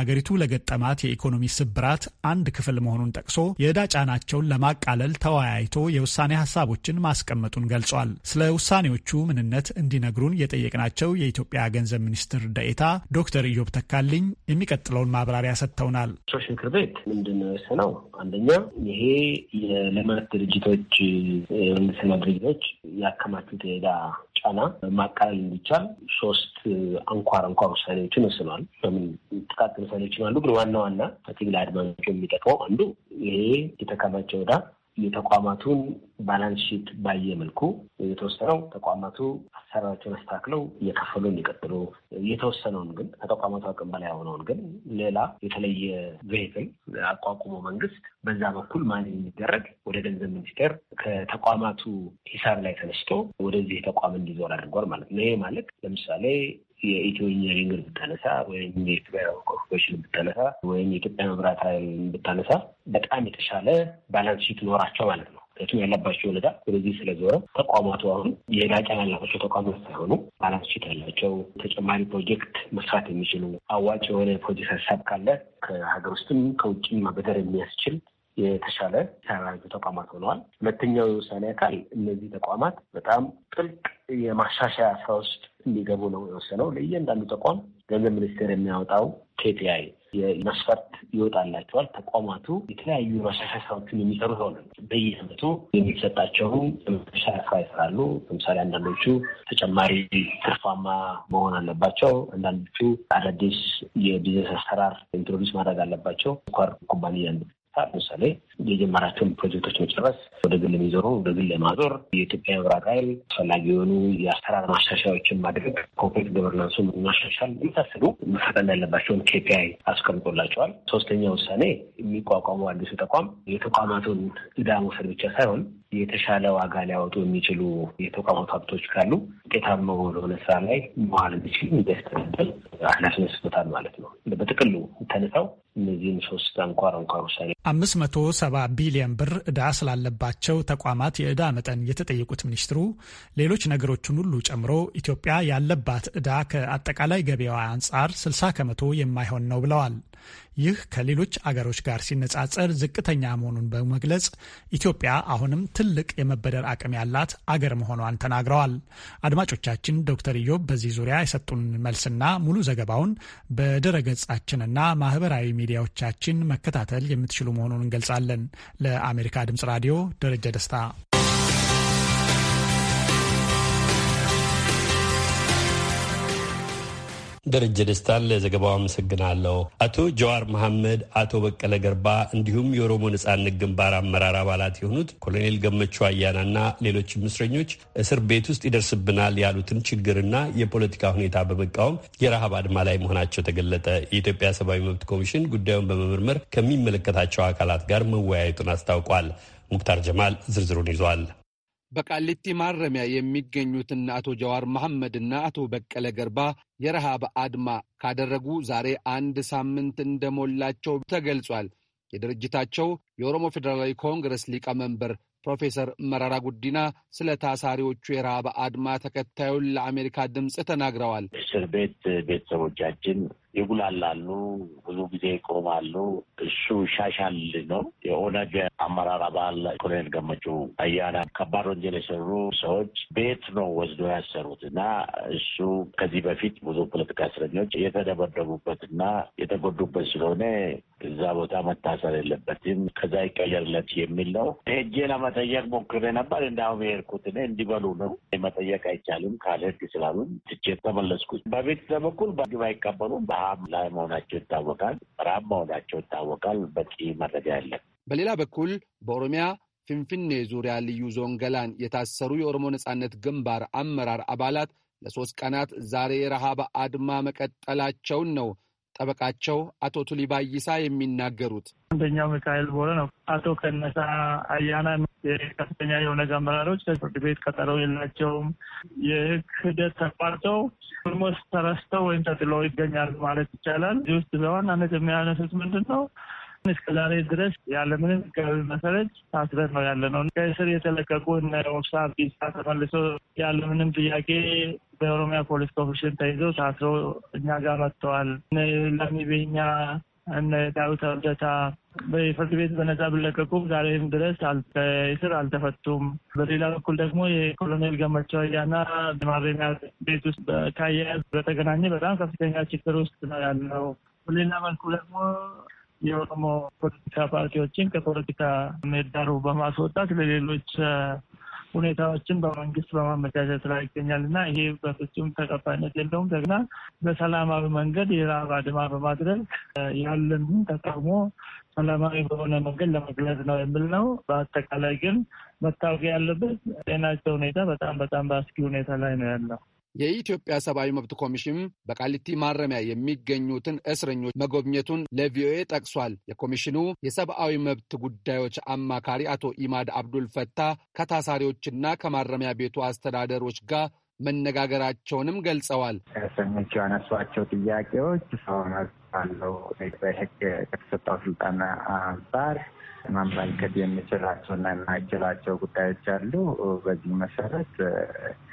አገሪቱ ለገጠማት የኢኮኖሚ ስብራት አንድ ክፍል መሆኑን ጠቅሶ የዕዳ ጫናቸውን ለማቃለል ተወያይቶ የውሳኔ ሀሳቦችን ማስቀመጡን ገልጿል። ስለ ውሳኔዎቹ ምንነት እንዲነግሩን የጠየቅናቸው የኢትዮጵያ ገንዘብ ሚኒስትር ደኤታ ዶክተር ኢዮብ ተካልኝ የሚቀጥለውን ማብራሪያ ሰጥተውናል። ሶሽ ምክር ቤት ምንድን ነው? አንደኛ ይሄ የልማት ድርጅቶች የመንግስት ድርጅቶች ያከማቹት የዕዳ ጫና ማቃለል እንዲቻል ሶስት አንኳር አንኳር ውሳኔዎችን ወስኗል። በምን ጥቃት መሰሎችን አሉ። ግን ዋና ዋና ከሲቪል አድማጮች የሚጠቅመው አንዱ ይሄ የተከማቸ ዕዳ የተቋማቱን ባላንስ ሺት ባየ መልኩ የተወሰነው ተቋማቱ አሰራራቸውን አስተካክለው እየከፈሉ እንዲቀጥሉ፣ የተወሰነውን ግን ከተቋማቱ አቅም በላይ የሆነውን ግን ሌላ የተለየ ቬሂክል አቋቁሞ መንግስት በዛ በኩል ማን የሚደረግ ወደ ገንዘብ ሚኒስቴር ከተቋማቱ ሂሳብ ላይ ተነስቶ ወደዚህ ተቋም እንዲዞር አድርጓል ማለት ነው። ይሄ ማለት ለምሳሌ የኢትዮ ኢንጂኒሪንግን ብታነሳ ወይም የኢትዮጵያ ኮርፖሬሽን ብታነሳ ወይም የኢትዮጵያ መብራት ኃይልን ብታነሳ በጣም የተሻለ ባላንስ ሺት ኖራቸው ማለት ነው። ምክንያቱም ያለባቸው ወለዳ ወደዚህ ስለዞረ ተቋማቱ አሁን የላቀን ያላቸው ተቋማት ሳይሆኑ ባላንስ ሺት ያላቸው ተጨማሪ ፕሮጀክት መስራት የሚችሉ አዋጭ የሆነ ፕሮጀክት ሀሳብ ካለ ከሀገር ውስጥም ከውጭም ማበደር የሚያስችል የተሻለ ሰራዊቱ ተቋማት ሆነዋል። ሁለተኛው የውሳኔ አካል እነዚህ ተቋማት በጣም ጥልቅ የማሻሻያ ስራ ውስጥ እንዲገቡ ነው የወሰነው። ለእያንዳንዱ ተቋም ገንዘብ ሚኒስቴር የሚያወጣው ኬፒአይ የመስፈርት ይወጣላቸዋል። ተቋማቱ የተለያዩ የማሻሻያ ስራዎችን የሚሰሩ ሆነ በየአመቱ የሚሰጣቸውን ማሻሻያ ስራ ይሰራሉ። ለምሳሌ አንዳንዶቹ ተጨማሪ ትርፋማ መሆን አለባቸው። አንዳንዶቹ አዳዲስ የቢዝነስ አሰራር ኢንትሮዲስ ማድረግ አለባቸው። ኳር ኩባንያ ለምሳሌ የጀመራቸውን ፕሮጀክቶች መጨረስ፣ ወደ ግል የሚዞሩ ወደ ግል ለማዞር የኢትዮጵያ መብራት ኃይል አስፈላጊ የሆኑ የአሰራር ማሻሻያዎችን ማድረግ፣ ኮርፖሬት ገቨርናንሱ ማሻሻል የመሳሰሉ መፈጠን ያለባቸውን ኬፒአይ አስቀምጦላቸዋል። ሶስተኛ ውሳኔ የሚቋቋሙ አዲሱ ተቋም የተቋማቱን እዳ መውሰድ ብቻ ሳይሆን የተሻለ ዋጋ ሊያወጡ የሚችሉ የተቋሙት ሀብቶች ካሉ ውጤታማ በሆነ ስራ ላይ መዋል እንዲችል እንዲያስተዳደር ኃላፊነት ሰጥቶታል ማለት ነው። በጥቅሉ ተነሳው እነዚህም ሶስት አንኳር አንኳር ውሳኔ አምስት መቶ ሰባ ቢሊዮን ብር እዳ ስላለባቸው ተቋማት የእዳ መጠን የተጠየቁት ሚኒስትሩ ሌሎች ነገሮችን ሁሉ ጨምሮ ኢትዮጵያ ያለባት እዳ ከአጠቃላይ ገቢዋ አንጻር ስልሳ ከመቶ የማይሆን ነው ብለዋል። ይህ ከሌሎች አገሮች ጋር ሲነጻጸር ዝቅተኛ መሆኑን በመግለጽ ኢትዮጵያ አሁንም ትልቅ የመበደር አቅም ያላት አገር መሆኗን ተናግረዋል። አድማጮቻችን ዶክተር ኢዮብ በዚህ ዙሪያ የሰጡን መልስና ሙሉ ዘገባውን በድረገጻችንና ገጻችንና ማህበራዊ ሚዲያዎቻችን መከታተል የምትችሉ መሆኑን እንገልጻለን። ለአሜሪካ ድምጽ ራዲዮ ደረጀ ደስታ ደረጀ ደስታን ለዘገባው አመሰግናለሁ። አቶ ጀዋር መሐመድ፣ አቶ በቀለ ገርባ እንዲሁም የኦሮሞ ነጻነት ግንባር አመራር አባላት የሆኑት ኮሎኔል ገመቹ አያናና ሌሎችም እስረኞች እስር ቤት ውስጥ ይደርስብናል ያሉትን ችግርና የፖለቲካ ሁኔታ በመቃወም የረሃብ አድማ ላይ መሆናቸው ተገለጠ። የኢትዮጵያ ሰብአዊ መብት ኮሚሽን ጉዳዩን በመመርመር ከሚመለከታቸው አካላት ጋር መወያየቱን አስታውቋል። ሙክታር ጀማል ዝርዝሩን ይዟል። በቃሊቲ ማረሚያ የሚገኙትን አቶ ጀዋር መሐመድና አቶ በቀለ ገርባ የረሃብ አድማ ካደረጉ ዛሬ አንድ ሳምንት እንደሞላቸው ተገልጿል። የድርጅታቸው የኦሮሞ ፌዴራላዊ ኮንግረስ ሊቀመንበር ፕሮፌሰር መራራ ጉዲና ስለ ታሳሪዎቹ የረሃብ አድማ ተከታዩን ለአሜሪካ ድምፅ ተናግረዋል። እስር ቤት ቤተሰቦቻችን ይጉላላሉ፣ ብዙ ጊዜ ይቆማሉ። እሱ ይሻሻል ነው። የኦነግ አመራር አባል ኮሎኔል ገመቹ አያና ከባድ ወንጀል የሰሩ ሰዎች ቤት ነው ወስዶ ያሰሩት እና እሱ ከዚህ በፊት ብዙ ፖለቲካ እስረኞች የተደበደቡበት እና የተጎዱበት ስለሆነ እዛ ቦታ መታሰር የለበትም፣ ከዛ ይቀየርለት የሚል ነው። ሄጄ ለመጠየቅ ሞክሬ ነበር። እንዳሁም የሄድኩት እኔ እንዲበሉ ነው መጠየቅ አይቻልም ካልህግ ስላሉን ትቼ ተመለስኩ። በቤተሰብ በኩል በግብ አይቀበሉም ራብ ላይ መሆናቸው ይታወቃል። ራብ መሆናቸው ይታወቃል። በቂ መረጃ የለም። በሌላ በኩል በኦሮሚያ ፊንፊኔ ዙሪያ ልዩ ዞን ገላን የታሰሩ የኦሮሞ ነጻነት ግንባር አመራር አባላት ለሶስት ቀናት ዛሬ ረሃብ አድማ መቀጠላቸውን ነው ጠበቃቸው አቶ ቱሊባይሳ የሚናገሩት። አንደኛው ሚካኤል ቦረ ነው። አቶ ከነሳ አያና የከፍተኛ የኦነግ አመራሮች ከፍርድ ቤት ቀጠሮ የላቸውም። የህግ ሂደት ተቋርጠው ኦልሞስት ተረስተው ወይም ተጥሎ ይገኛሉ ማለት ይቻላል። እዚህ ውስጥ በዋናነት የሚያነሱት ምንድን ነው? እስከ ዛሬ ድረስ ያለምንም ሕጋዊ መሰረት ታስረን ነው ያለ ነው። ከእስር የተለቀቁ እነ ኦብሳ ቢሳ ተመልሶ ያለምንም ጥያቄ በኦሮሚያ ፖሊስ ኮሚሽን ተይዘው ታስረው እኛ ጋር መጥተዋል። ለሚቤኛ እነ ዳዊት አብደታ በፍርድ ቤት በነጻ ቢለቀቁም ዛሬም ድረስ ከእስር አልተፈቱም። በሌላ በኩል ደግሞ የኮሎኔል ገመቸው አያና ማረሚያ ቤት ውስጥ ከአያያዝ በተገናኘ በጣም ከፍተኛ ችግር ውስጥ ነው ያለው። በሌላ መልኩ ደግሞ የኦሮሞ ፖለቲካ ፓርቲዎችን ከፖለቲካ ምህዳሩ በማስወጣት ለሌሎች ሁኔታዎችን በመንግስት በማመቻቸት ላይ ይገኛል እና ይሄ በፍጹም ተቀባይነት የለውም። ደግና በሰላማዊ መንገድ የረሃብ አድማ በማድረግ ያለንን ተቃውሞ ሰላማዊ በሆነ መንገድ ለመግለጽ ነው የሚል ነው። በአጠቃላይ ግን መታወቂያ ያለበት ጤናቸው ሁኔታ በጣም በጣም በአስጊ ሁኔታ ላይ ነው ያለው። የኢትዮጵያ ሰብአዊ መብት ኮሚሽን በቃሊቲ ማረሚያ የሚገኙትን እስረኞች መጎብኘቱን ለቪኦኤ ጠቅሷል። የኮሚሽኑ የሰብአዊ መብት ጉዳዮች አማካሪ አቶ ኢማድ አብዱል ፈታ ከታሳሪዎችና ከማረሚያ ቤቱ አስተዳደሮች ጋር መነጋገራቸውንም ገልጸዋል። እስረኞቹ ያነሷቸው ጥያቄዎች ሰው መብት ባለው በሕግ ከተሰጠው ስልጣን አንጻር ማመልከት የሚችላቸውና የማይችላቸው ጉዳዮች አሉ። በዚህ መሰረት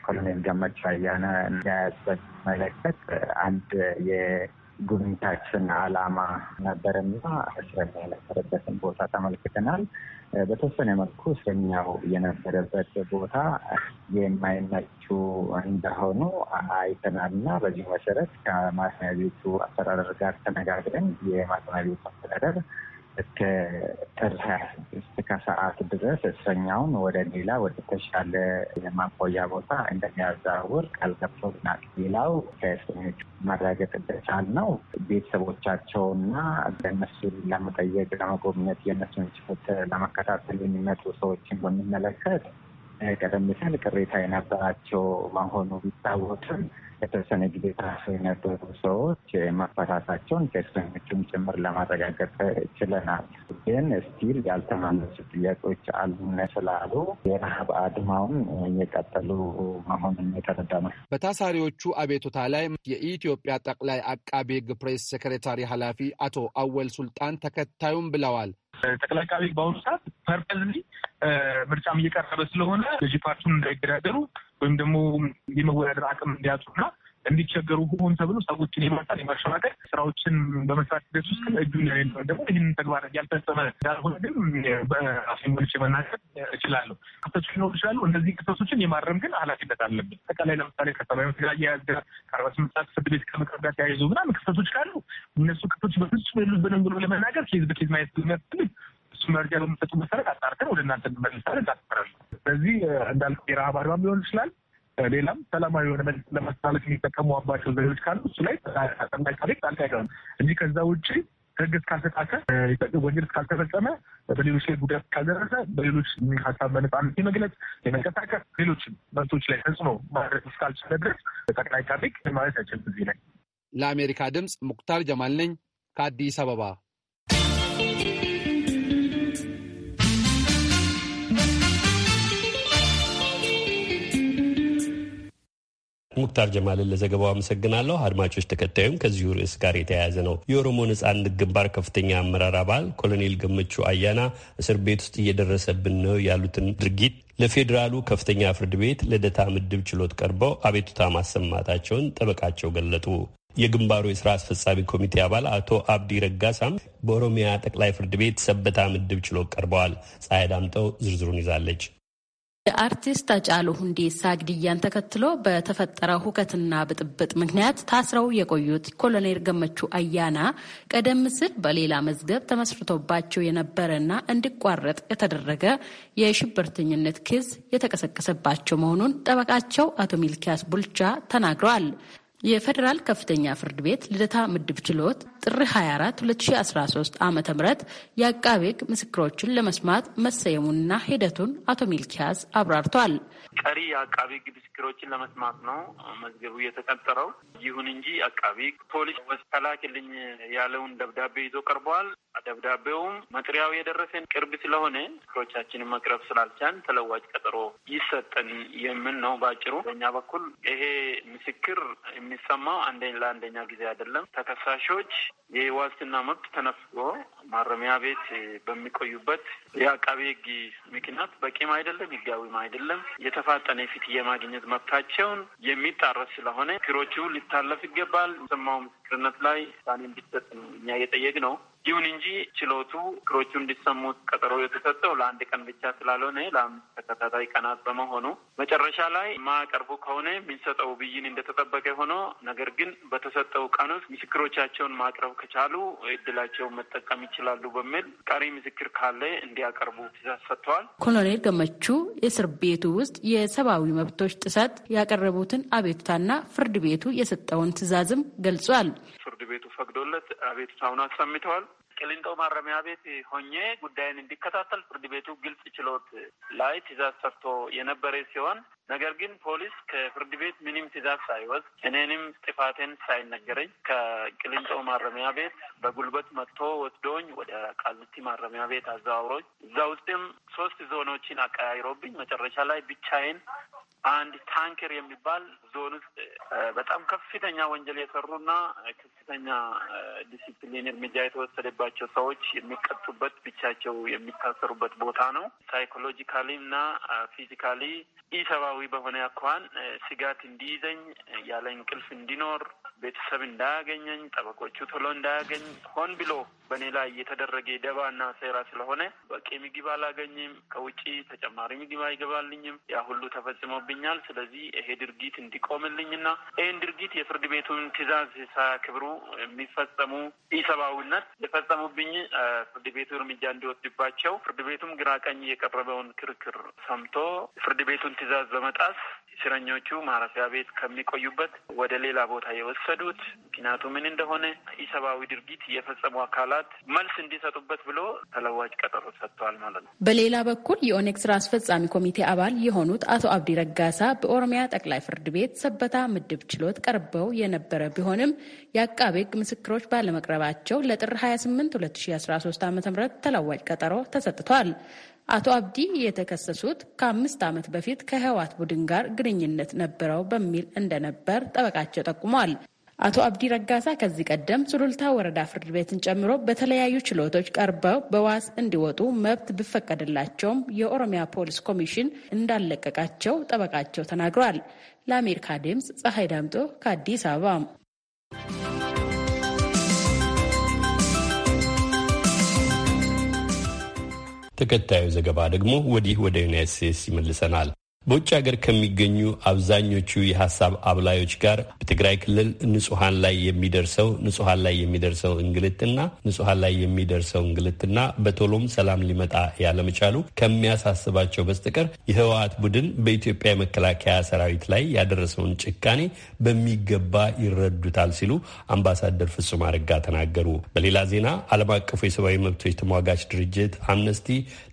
ኮሎኔል ገመቹ አያነ የሚያያዝበት መለከት አንድ የጉብኝታችን አላማ ነበርና እስረኛ የነበረበትን ቦታ ተመልክተናል። በተወሰነ መልኩ እስረኛው የነበረበት ቦታ የማይመቹ እንደሆኑ አይተናል እና በዚህ መሰረት ከማረሚያ ቤቱ አስተዳደር ጋር ተነጋግረን የማረሚያ ቤቱ አስተዳደር እስከ ጥር ሀያ ስድስት ከሰዓት ድረስ እስረኛውን ወደ ሌላ ወደ ተሻለ የማቆያ ቦታ እንደሚያዛውር ቃል ገብቶብናል። ሌላው ከእስረኞቹ ማረጋገጥ ነው ቤተሰቦቻቸውና ለእነሱ ለመጠየቅ፣ ለመጎብኘት የእነሱን ችሎት ለመከታተል የሚመጡ ሰዎችን በሚመለከት ቀደም ሲል ቅሬታ የነበራቸው መሆኑ ቢታወቅም ከተወሰነ ጊዜ ታስረው የነበሩ ሰዎች መፈታታቸውን ከእስረኞቹም ጭምር ለማረጋገጥ ችለናል። ግን ስቲል ያልተመለሱ ጥያቄዎች አሉ ስላሉ የረሀብ አድማውን እየቀጠሉ መሆኑን የተረዳ ነው። በታሳሪዎቹ አቤቱታ ላይ የኢትዮጵያ ጠቅላይ አቃቤ ሕግ ፕሬስ ሴክሬታሪ ኃላፊ አቶ አወል ሱልጣን ተከታዩም ብለዋል። ጠቅላይ አቃቤ ሕግ በአሁኑ ሰዓት ፐርፐዝሊ ምርጫም እየቀረበ ስለሆነ ገዢ ፓርቲውን እንዳይገዳደሩ ወይም ደግሞ የመወዳደር አቅም እንዲያጡና እንዲቸገሩ ሆን ተብሎ ሰዎችን የማጣት የማሸማቀቅ ስራዎችን በመስራት ሂደት ውስጥ እጁ ደግሞ ይህን ተግባር ያልፈጸመ ያልሆነ ግን በአሴምቦች መናገር እችላለሁ። ክፍተቶች ሊኖሩ ይችላሉ። እነዚህ ክፍተቶችን የማረም ግን ኃላፊነት አለብን። አጠቃላይ ለምሳሌ ከሰማዊ ተለያየ ያዝገ ከአርባ ስምንት ሰዓት ፍርድ ቤት ከመቅረብ ጋር ተያይዞ ምናምን ክፍተቶች ካሉ እነሱ ክፍተቶች በፍጹም የሉብንም ብሎ ለመናገር ኬዝ በኬዝ ማየት ስለሚያስፈልግ እሱ መርጃ በምሰጡ መሰረት አጣርተን ወደ እናንተ መልሳል እናስፈራለን። በዚህ እንዳልኩ የረሃብ አድማም ሊሆን ይችላል። ሌላም ሰላማዊ የሆነ መልስ ለማስተላለፍ የሚጠቀሙባቸው ዘዴዎች ካሉ እሱ ላይ ጠቅላይ ታሪክ ጣልቃ አይገባም እንጂ ከዛ ውጭ ህግ እስካልተጣሰ ወንጀል እስካልተፈጸመ በሌሎች ላይ ጉዳት እስካልደረሰ በሌሎች ሀሳብ በነጻነት የመግለጽ የመንቀሳቀስ፣ ሌሎችም መብቶች ላይ ተጽዕኖ ማድረግ እስካልቻለ ድረስ ጠቅላይ ታሪክ ማለት አይችልም። እዚህ ላይ ለአሜሪካ ድምፅ ሙክታር ጀማል ነኝ ከአዲስ አበባ። ሙክታር ጀማልን ለዘገባው አመሰግናለሁ። አድማጮች፣ ተከታዩም ከዚሁ ርዕስ ጋር የተያያዘ ነው። የኦሮሞ ነጻነት ግንባር ከፍተኛ አመራር አባል ኮሎኔል ገመቹ አያና እስር ቤት ውስጥ እየደረሰብን ነው ያሉትን ድርጊት ለፌዴራሉ ከፍተኛ ፍርድ ቤት ልደታ ምድብ ችሎት ቀርበው አቤቱታ ማሰማታቸውን ጠበቃቸው ገለጡ። የግንባሩ የስራ አስፈጻሚ ኮሚቴ አባል አቶ አብዲ ረጋሳም በኦሮሚያ ጠቅላይ ፍርድ ቤት ሰበታ ምድብ ችሎት ቀርበዋል። ፀሐይ ዳምጠው ዝርዝሩን ይዛለች። የአርቲስት አጫሉ ሁንዴሳ ግድያን ተከትሎ በተፈጠረ ሁከትና ብጥብጥ ምክንያት ታስረው የቆዩት ኮሎኔል ገመቹ አያና ቀደም ሲል በሌላ መዝገብ ተመስርቶባቸው የነበረና እንዲቋረጥ የተደረገ የሽብርተኝነት ክስ የተቀሰቀሰባቸው መሆኑን ጠበቃቸው አቶ ሚልኪያስ ቡልቻ ተናግረዋል። የፌዴራል ከፍተኛ ፍርድ ቤት ልደታ ምድብ ችሎት ጥር 24 2013 ዓ ም የአቃቤ ሕግ ምስክሮችን ለመስማት መሰየሙንና ሂደቱን አቶ ሚልኪያስ አብራርተዋል። ቀሪ የአቃቤ ሕግ ምስክሮችን ለመስማት ነው መዝገቡ የተቀጠረው። ይሁን እንጂ አቃቤ ፖሊስ ተላክልኝ ያለውን ደብዳቤ ይዞ ቀርበዋል። ደብዳቤውም መጥሪያው የደረሰን ቅርብ ስለሆነ ምክሮቻችንን መቅረብ ስላልቻን ተለዋጭ ቀጠሮ ይሰጠን የምን ነው በአጭሩ። በእኛ በኩል ይሄ ምስክር የሚሰማው አንደ ለአንደኛ ጊዜ አይደለም። ተከሳሾች የዋስትና መብት ተነፍጎ ማረሚያ ቤት በሚቆዩበት የአቃቤ ሕግ ምክንያት በቂም አይደለም፣ ህጋዊም አይደለም። የተፋጠነ ፍትህ የማግኘት መብታቸውን የሚጣረስ ስለሆነ ክሮቹ ሊታለፍ ይገባል። ሰማው ምስክርነት ላይ ውሳኔ እንዲሰጥ ነው እኛ ነው። ይሁን እንጂ ችሎቱ ክሮቹ እንዲሰሙት ቀጠሮ የተሰጠው ለአንድ ቀን ብቻ ስላልሆነ ለአምስት ተከታታይ ቀናት በመሆኑ መጨረሻ ላይ ማቀርቡ ከሆነ የሚሰጠው ብይን እንደተጠበቀ ሆኖ ነገር ግን በተሰጠው ቀን ውስጥ ምስክሮቻቸውን ማቅረብ ከቻሉ እድላቸውን መጠቀም ይችላሉ በሚል ቀሪ ምስክር ካለ እንዲያቀርቡ ትዕዛዝ ሰጥተዋል። ኮሎኔል ገመቹ የእስር ቤቱ ውስጥ የሰብአዊ መብቶች ጥሰት ያቀረቡትን አቤቱታና ፍርድ ቤቱ የሰጠውን ትዕዛዝም ገልጿል። ቤቱ ፈቅዶለት አቤቱታውን አሰምተዋል። ቅሊንጦ ማረሚያ ቤት ሆኜ ጉዳይን እንዲከታተል ፍርድ ቤቱ ግልጽ ችሎት ላይ ትእዛዝ ሰጥቶ የነበረ ሲሆን ነገር ግን ፖሊስ ከፍርድ ቤት ምንም ትዕዛዝ ሳይወስድ እኔንም ጥፋቴን ሳይነገረኝ ከቅሊንጦ ማረሚያ ቤት በጉልበት መጥቶ ወስዶኝ ወደ ቃሊቲ ማረሚያ ቤት አዘዋውሮኝ እዛ ውስጥም ሶስት ዞኖችን አቀያይሮብኝ መጨረሻ ላይ ብቻዬን አንድ ታንከር የሚባል ዞን ውስጥ በጣም ከፍተኛ ወንጀል የሰሩና ከፍተኛ ዲሲፕሊን እርምጃ የተወሰደባቸው ሰዎች የሚቀጡበት ብቻቸው የሚታሰሩበት ቦታ ነው። ሳይኮሎጂካሊ እና ፊዚካሊ ኢሰባ ሰብአዊ በሆነ አኳን ስጋት እንዲይዘኝ ያለ እንቅልፍ እንዲኖር ቤተሰብ እንዳያገኘኝ ጠበቆቹ ቶሎ እንዳያገኝ ሆን ብሎ በእኔ ላይ የተደረገ ደባና ሴራ ስለሆነ በቂ ምግብ አላገኝም። ከውጭ ተጨማሪ ምግብ አይገባልኝም። ያ ሁሉ ተፈጽሞብኛል። ስለዚህ ይሄ ድርጊት እንዲቆምልኝና ይህን ድርጊት የፍርድ ቤቱን ትዕዛዝ ሳያከብሩ የሚፈጸሙ ኢሰብአዊነት የፈጸሙብኝ ፍርድ ቤቱ እርምጃ እንዲወስድባቸው ፍርድ ቤቱም ግራ ቀኝ የቀረበውን ክርክር ሰምቶ ፍርድ ቤቱን ትዕዛዝ በመጣስ እስረኞቹ ማረፊያ ቤት ከሚቆዩበት ወደ ሌላ ቦታ የወሰዱት ምክንያቱ ምን እንደሆነ ኢሰብአዊ ድርጊት የፈጸሙ አካላት መልስ እንዲሰጡበት ብሎ ተለዋጭ ቀጠሮ ሰጥተዋል ማለት ነው። በሌላ በኩል የኦነግ ስራ አስፈጻሚ ኮሚቴ አባል የሆኑት አቶ አብዲ ረጋሳ በኦሮሚያ ጠቅላይ ፍርድ ቤት ሰበታ ምድብ ችሎት ቀርበው የነበረ ቢሆንም የአቃቤ ሕግ ምስክሮች ባለመቅረባቸው ለጥር 28 2013 ዓ ም ተለዋጭ ቀጠሮ ተሰጥቷል። አቶ አብዲ የተከሰሱት ከአምስት ዓመት በፊት ከህወሓት ቡድን ጋር ግንኙነት ነበረው በሚል እንደነበር ጠበቃቸው ጠቁሟል። አቶ አብዲ ረጋሳ ከዚህ ቀደም ሱሉልታ ወረዳ ፍርድ ቤትን ጨምሮ በተለያዩ ችሎቶች ቀርበው በዋስ እንዲወጡ መብት ቢፈቀድላቸውም የኦሮሚያ ፖሊስ ኮሚሽን እንዳለቀቃቸው ጠበቃቸው ተናግሯል። ለአሜሪካ ድምፅ ፀሐይ ዳምጦ ከአዲስ አበባ ተከታዩ ዘገባ ደግሞ ወዲህ ወደ ዩናይት ስቴትስ ይመልሰናል። በውጭ ሀገር ከሚገኙ አብዛኞቹ የሀሳብ አብላዮች ጋር በትግራይ ክልል ንጹሐን ላይ የሚደርሰው ንጹሐን ላይ የሚደርሰው እንግልትና ንጹሐን ላይ የሚደርሰው እንግልትና በቶሎም ሰላም ሊመጣ ያለመቻሉ ከሚያሳስባቸው በስተቀር የህወሓት ቡድን በኢትዮጵያ የመከላከያ ሰራዊት ላይ ያደረሰውን ጭካኔ በሚገባ ይረዱታል ሲሉ አምባሳደር ፍጹም አረጋ ተናገሩ። በሌላ ዜና ዓለም አቀፉ የሰብአዊ መብቶች ተሟጋች ድርጅት አምነስቲ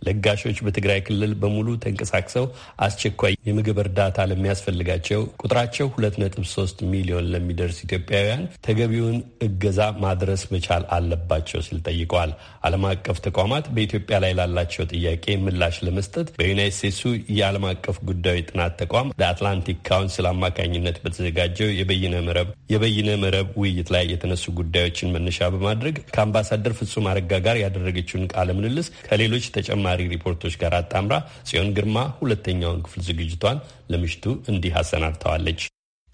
ለጋሾች በትግራይ ክልል በሙሉ ተንቀሳቅሰው አስቸ በአስቸኳይ የምግብ እርዳታ ለሚያስፈልጋቸው ቁጥራቸው 2.3 ሚሊዮን ለሚደርስ ኢትዮጵያውያን ተገቢውን እገዛ ማድረስ መቻል አለባቸው ሲል ጠይቋል። ዓለም አቀፍ ተቋማት በኢትዮጵያ ላይ ላላቸው ጥያቄ ምላሽ ለመስጠት በዩናይት ስቴትሱ የዓለም አቀፍ ጉዳዮች ጥናት ተቋም ለአትላንቲክ ካውንስል አማካኝነት በተዘጋጀው የበይነ መረብ የበይነ መረብ ውይይት ላይ የተነሱ ጉዳዮችን መነሻ በማድረግ ከአምባሳደር ፍጹም አረጋ ጋር ያደረገችውን ቃለ ምልልስ ከሌሎች ተጨማሪ ሪፖርቶች ጋር አጣምራ ጽዮን ግርማ ሁለተኛውን ክፍል ዝግጅቷን ለምሽቱ እንዲህ አሰናድተዋለች።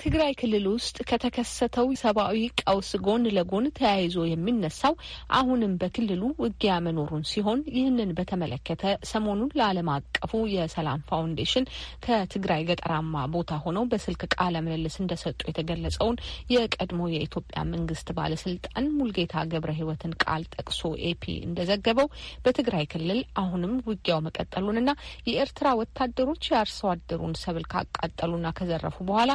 ትግራይ ክልል ውስጥ ከተከሰተው ሰብአዊ ቀውስ ጎን ለጎን ተያይዞ የሚነሳው አሁንም በክልሉ ውጊያ መኖሩን ሲሆን ይህንን በተመለከተ ሰሞኑን ለዓለም አቀፉ የሰላም ፋውንዴሽን ከትግራይ ገጠራማ ቦታ ሆነው በስልክ ቃለ ምልልስ እንደሰጡ የተገለጸውን የቀድሞ የኢትዮጵያ መንግስት ባለስልጣን ሙልጌታ ገብረ ሕይወትን ቃል ጠቅሶ ኤፒ እንደዘገበው በትግራይ ክልል አሁንም ውጊያው መቀጠሉንና የኤርትራ ወታደሮች የአርሶ አደሩን ሰብል ካቃጠሉና ከዘረፉ በኋላ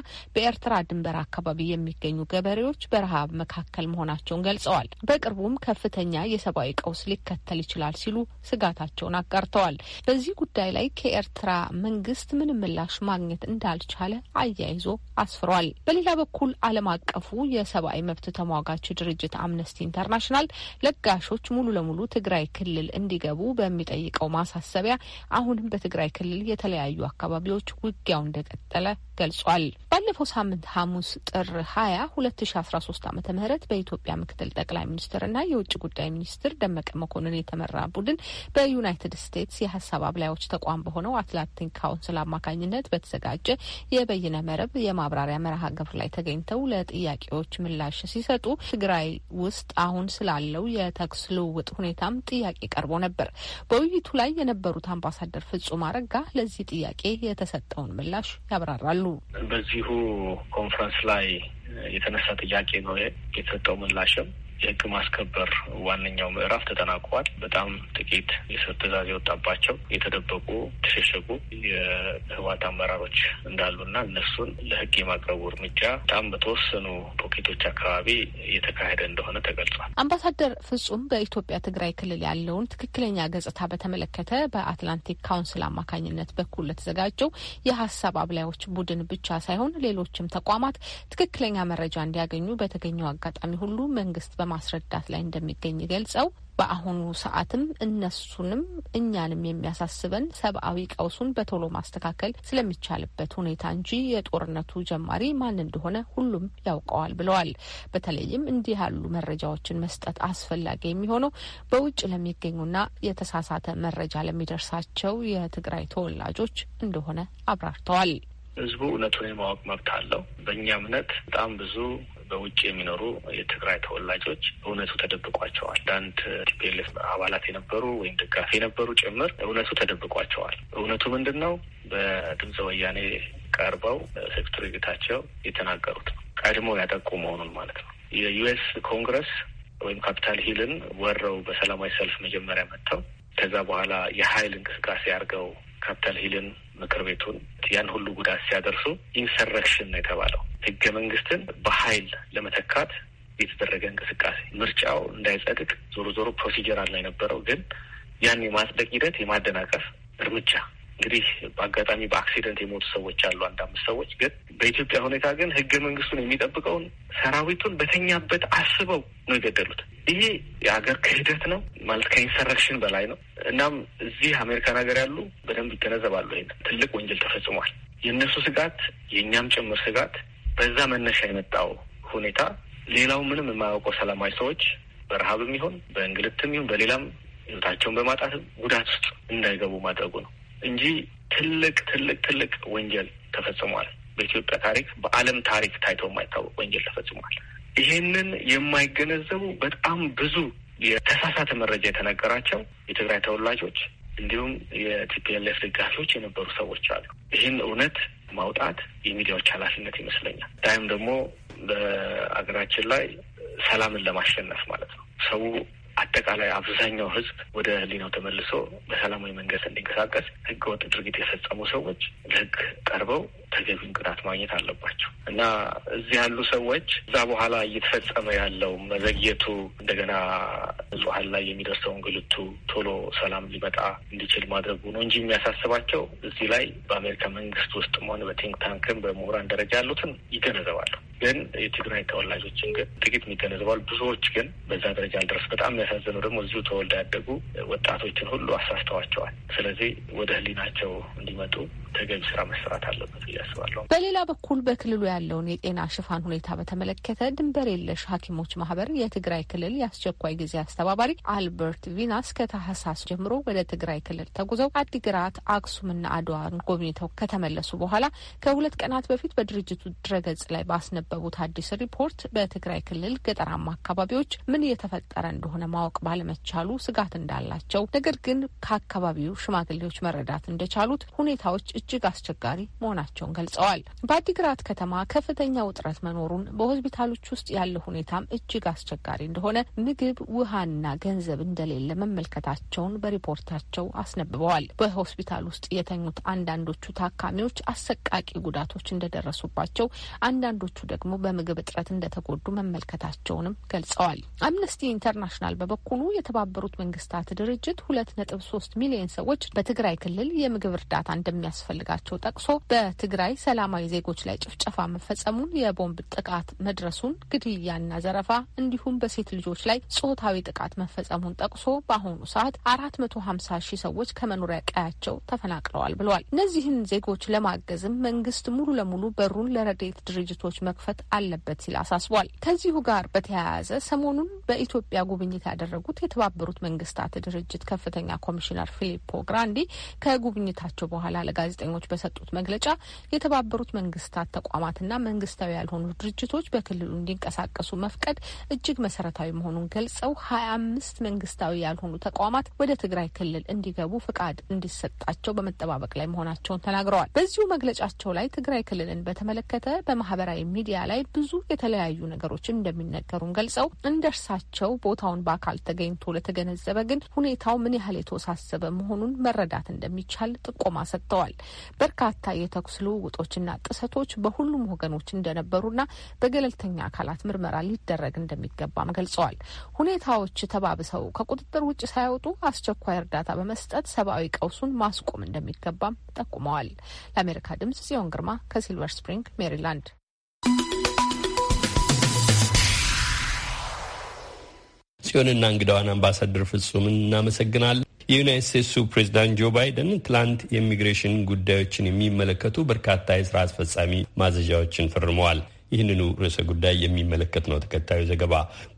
በኤርትራ ድንበር አካባቢ የሚገኙ ገበሬዎች በረሃብ መካከል መሆናቸውን ገልጸዋል። በቅርቡም ከፍተኛ የሰብአዊ ቀውስ ሊከተል ይችላል ሲሉ ስጋታቸውን አጋርተዋል። በዚህ ጉዳይ ላይ ከኤርትራ መንግስት ምንም ምላሽ ማግኘት እንዳልቻለ አያይዞ አስፍሯል። በሌላ በኩል ዓለም አቀፉ የሰብአዊ መብት ተሟጋች ድርጅት አምነስቲ ኢንተርናሽናል ለጋሾች ሙሉ ለሙሉ ትግራይ ክልል እንዲገቡ በሚጠይቀው ማሳሰቢያ አሁንም በትግራይ ክልል የተለያዩ አካባቢዎች ውጊያው እንደቀጠለ ገልጿል። ባለፈው ሳምንት ሐሙስ ጥር 20 2013 ዓ ም በኢትዮጵያ ምክትል ጠቅላይ ሚኒስትርና የውጭ ጉዳይ ሚኒስትር ደመቀ መኮንን የተመራ ቡድን በዩናይትድ ስቴትስ የሀሳብ አብላዮች ተቋም በሆነው አትላንቲክ ካውንስል አማካኝነት በተዘጋጀ የበይነ መረብ የማብራሪያ መርሃ ግብር ላይ ተገኝተው ለጥያቄዎች ምላሽ ሲሰጡ ትግራይ ውስጥ አሁን ስላለው የተኩስ ልውውጥ ሁኔታም ጥያቄ ቀርቦ ነበር። በውይይቱ ላይ የነበሩት አምባሳደር ፍጹም አረጋ ለዚህ ጥያቄ የተሰጠውን ምላሽ ያብራራሉ። በዚሁ ኮንፈረንስ ላይ የተነሳ ጥያቄ ነው የተሰጠው ምላሽም የህግ ማስከበር ዋነኛው ምዕራፍ ተጠናቋል። በጣም ጥቂት የስር ትእዛዝ የወጣባቸው የተደበቁ የተሸሸጉ የህወሓት አመራሮች እንዳሉና እነሱን ለህግ የማቅረቡ እርምጃ በጣም በተወሰኑ ፖኬቶች አካባቢ እየተካሄደ እንደሆነ ተገልጿል። አምባሳደር ፍጹም በኢትዮጵያ ትግራይ ክልል ያለውን ትክክለኛ ገጽታ በተመለከተ በአትላንቲክ ካውንስል አማካኝነት በኩል ለተዘጋጀው የሀሳብ አብላዮች ቡድን ብቻ ሳይሆን ሌሎችም ተቋማት ትክክለኛ መረጃ እንዲያገኙ በተገኘው አጋጣሚ ሁሉ መንግስት በ በማስረዳት ላይ እንደሚገኝ ገልጸው በአሁኑ ሰዓትም እነሱንም እኛንም የሚያሳስበን ሰብአዊ ቀውሱን በቶሎ ማስተካከል ስለሚቻልበት ሁኔታ እንጂ የጦርነቱ ጀማሪ ማን እንደሆነ ሁሉም ያውቀዋል ብለዋል። በተለይም እንዲህ ያሉ መረጃዎችን መስጠት አስፈላጊ የሚሆነው በውጭ ለሚገኙና የተሳሳተ መረጃ ለሚደርሳቸው የትግራይ ተወላጆች እንደሆነ አብራርተዋል። ህዝቡ እውነቱን የማወቅ መብት አለው። በእኛ እምነት በጣም ብዙ በውጭ የሚኖሩ የትግራይ ተወላጆች እውነቱ ተደብቋቸዋል። አንዳንድ ቲፒኤልኤፍ አባላት የነበሩ ወይም ደጋፊ የነበሩ ጭምር እውነቱ ተደብቋቸዋል። እውነቱ ምንድን ነው? በድምፀ ወያኔ ቀርበው ሴክሬታሪ ጌታቸው የተናገሩት ነው። ቀድሞ ያጠቁ መሆኑን ማለት ነው። የዩኤስ ኮንግረስ ወይም ካፒታል ሂልን ወረው በሰላማዊ ሰልፍ መጀመሪያ መጥተው ከዛ በኋላ የሀይል እንቅስቃሴ አድርገው ካፒታል ሂልን ምክር ቤቱን ያን ሁሉ ጉዳት ሲያደርሱ ኢንሰረክሽን ነው የተባለው። ህገ መንግስትን በሀይል ለመተካት የተደረገ እንቅስቃሴ ምርጫው እንዳይጸድቅ ዞሮ ዞሮ ፕሮሲጀር አለ የነበረው። ግን ያን የማጽደቅ ሂደት የማደናቀፍ እርምጃ እንግዲህ በአጋጣሚ በአክሲደንት የሞቱ ሰዎች አሉ፣ አንድ አምስት ሰዎች። ግን በኢትዮጵያ ሁኔታ ግን ህገ መንግስቱን የሚጠብቀውን ሰራዊቱን በተኛበት አስበው ነው የገደሉት። ይሄ የሀገር ክህደት ነው ማለት ከኢንሰረክሽን በላይ ነው። እናም እዚህ አሜሪካን ሀገር ያሉ በደንብ ይገነዘባሉ። ይ ትልቅ ወንጀል ተፈጽሟል። የእነሱ ስጋት የእኛም ጭምር ስጋት፣ በዛ መነሻ የመጣው ሁኔታ ሌላው ምንም የማያውቀው ሰላማዊ ሰዎች በረሀብም ይሁን በእንግልትም ይሁን በሌላም ህይወታቸውን በማጣትም ጉዳት ውስጥ እንዳይገቡ ማድረጉ ነው። እንጂ ትልቅ ትልቅ ትልቅ ወንጀል ተፈጽሟል። በኢትዮጵያ ታሪክ፣ በዓለም ታሪክ ታይቶ የማይታወቅ ወንጀል ተፈጽሟል። ይሄንን የማይገነዘቡ በጣም ብዙ የተሳሳተ መረጃ የተነገራቸው የትግራይ ተወላጆች እንዲሁም የቲፒኤልኤፍ ደጋፊዎች የነበሩ ሰዎች አሉ። ይህን እውነት ማውጣት የሚዲያዎች ኃላፊነት ይመስለኛል። ታይም ደግሞ በአገራችን ላይ ሰላምን ለማሸነፍ ማለት ነው ሰው አጠቃላይ አብዛኛው ህዝብ ወደ ህሊናው ተመልሶ በሰላማዊ መንገድ እንዲንቀሳቀስ ህገወጥ ድርጊት የፈጸሙ ሰዎች ለህግ ቀርበው ተገቢውን ቅጣት ማግኘት አለባቸው እና እዚህ ያሉ ሰዎች እዛ በኋላ እየተፈጸመ ያለው መዘግየቱ እንደገና ንጹሐን ላይ የሚደርሰውን እንግልቱ ቶሎ ሰላም ሊመጣ እንዲችል ማድረጉ ነው እንጂ የሚያሳስባቸው እዚህ ላይ በአሜሪካ መንግስት ውስጥ መሆን በቲንክ ታንክን በምሁራን ደረጃ ያሉትን ይገነዘባሉ። ግን የትግራይ ተወላጆችን ግን ጥቂት የሚገነዘባሉ፣ ብዙዎች ግን በዛ ደረጃ አልደረስ። በጣም የሚያሳዝነው ደግሞ እዚሁ ተወልደ ያደጉ ወጣቶችን ሁሉ አሳስተዋቸዋል። ስለዚህ ወደ ህሊናቸው እንዲመጡ ተገቢ ስራ መስራት አለበት። አስባለሁ። በሌላ በኩል በክልሉ ያለውን የጤና ሽፋን ሁኔታ በተመለከተ ድንበር የለሽ ሐኪሞች ማህበር የትግራይ ክልል የአስቸኳይ ጊዜ አስተባባሪ አልበርት ቪናስ ከታህሳስ ጀምሮ ወደ ትግራይ ክልል ተጉዘው አዲግራት፣ አክሱምና አድዋን ጎብኝተው ከተመለሱ በኋላ ከሁለት ቀናት በፊት በድርጅቱ ድረገጽ ላይ ባስነበቡት አዲስ ሪፖርት በትግራይ ክልል ገጠራማ አካባቢዎች ምን እየተፈጠረ እንደሆነ ማወቅ ባለመቻሉ ስጋት እንዳላቸው፣ ነገር ግን ከአካባቢው ሽማግሌዎች መረዳት እንደቻሉት ሁኔታዎች እጅግ አስቸጋሪ መሆናቸው መሆናቸውን ገልጸዋል። በአዲግራት ከተማ ከፍተኛ ውጥረት መኖሩን፣ በሆስፒታሎች ውስጥ ያለ ሁኔታም እጅግ አስቸጋሪ እንደሆነ፣ ምግብ ውሃና ገንዘብ እንደሌለ መመልከታቸውን በሪፖርታቸው አስነብበዋል። በሆስፒታል ውስጥ የተኙት አንዳንዶቹ ታካሚዎች አሰቃቂ ጉዳቶች እንደደረሱባቸው፣ አንዳንዶቹ ደግሞ በምግብ እጥረት እንደተጎዱ መመልከታቸውንም ገልጸዋል። አምነስቲ ኢንተርናሽናል በበኩሉ የተባበሩት መንግስታት ድርጅት ሁለት ነጥብ ሶስት ሚሊዮን ሰዎች በትግራይ ክልል የምግብ እርዳታ እንደሚያስፈልጋቸው ጠቅሶ በትግራይ ትግራይ ሰላማዊ ዜጎች ላይ ጭፍጨፋ መፈጸሙን፣ የቦምብ ጥቃት መድረሱን፣ ግድያና ዘረፋ እንዲሁም በሴት ልጆች ላይ ጾታዊ ጥቃት መፈጸሙን ጠቅሶ በአሁኑ ሰዓት አራት መቶ ሀምሳ ሺህ ሰዎች ከመኖሪያ ቀያቸው ተፈናቅለዋል ብለዋል። እነዚህን ዜጎች ለማገዝም መንግስት ሙሉ ለሙሉ በሩን ለረዴት ድርጅቶች መክፈት አለበት ሲል አሳስቧል። ከዚሁ ጋር በተያያዘ ሰሞኑን በኢትዮጵያ ጉብኝት ያደረጉት የተባበሩት መንግስታት ድርጅት ከፍተኛ ኮሚሽነር ፊሊፖ ግራንዲ ከጉብኝታቸው በኋላ ለጋዜጠኞች በሰጡት መግለጫ የተባበሩት መንግስታት ተቋማትና መንግስታዊ ያልሆኑ ድርጅቶች በክልሉ እንዲንቀሳቀሱ መፍቀድ እጅግ መሰረታዊ መሆኑን ገልጸው ሀያ አምስት መንግስታዊ ያልሆኑ ተቋማት ወደ ትግራይ ክልል እንዲገቡ ፍቃድ እንዲሰጣቸው በመጠባበቅ ላይ መሆናቸውን ተናግረዋል። በዚሁ መግለጫቸው ላይ ትግራይ ክልልን በተመለከተ በማህበራዊ ሚዲያ ላይ ብዙ የተለያዩ ነገሮች እንደሚነገሩም ገልጸው እንደ እርሳቸው ቦታውን በአካል ተገኝቶ ለተገነዘበ ግን ሁኔታው ምን ያህል የተወሳሰበ መሆኑን መረዳት እንደሚቻል ጥቆማ ሰጥተዋል። በርካታ የተኩስ ልውውጦችና ጥሰቶች በሁሉም ወገኖች እንደነበሩና በገለልተኛ አካላት ምርመራ ሊደረግ እንደሚገባም ገልጸዋል። ሁኔታዎች ተባብሰው ከቁጥጥር ውጭ ሳይወጡ አስቸኳይ እርዳታ በመስጠት ሰብአዊ ቀውሱን ማስቆም እንደሚገባም ጠቁመዋል። ለአሜሪካ ድምጽ ጽዮን ግርማ ከሲልቨር ስፕሪንግ ሜሪላንድ። ጽዮንና እንግዳዋን አምባሳደር ፍጹም እናመሰግናለን። የዩናይት ስቴትሱ ፕሬዚዳንት ጆ ባይደን ትላንት የኢሚግሬሽን ጉዳዮችን የሚመለከቱ በርካታ የስራ አስፈጻሚ ማዘዣዎችን ፈርመዋል። ይህንኑ ርዕሰ ጉዳይ የሚመለከት ነው ተከታዩ ዘገባ።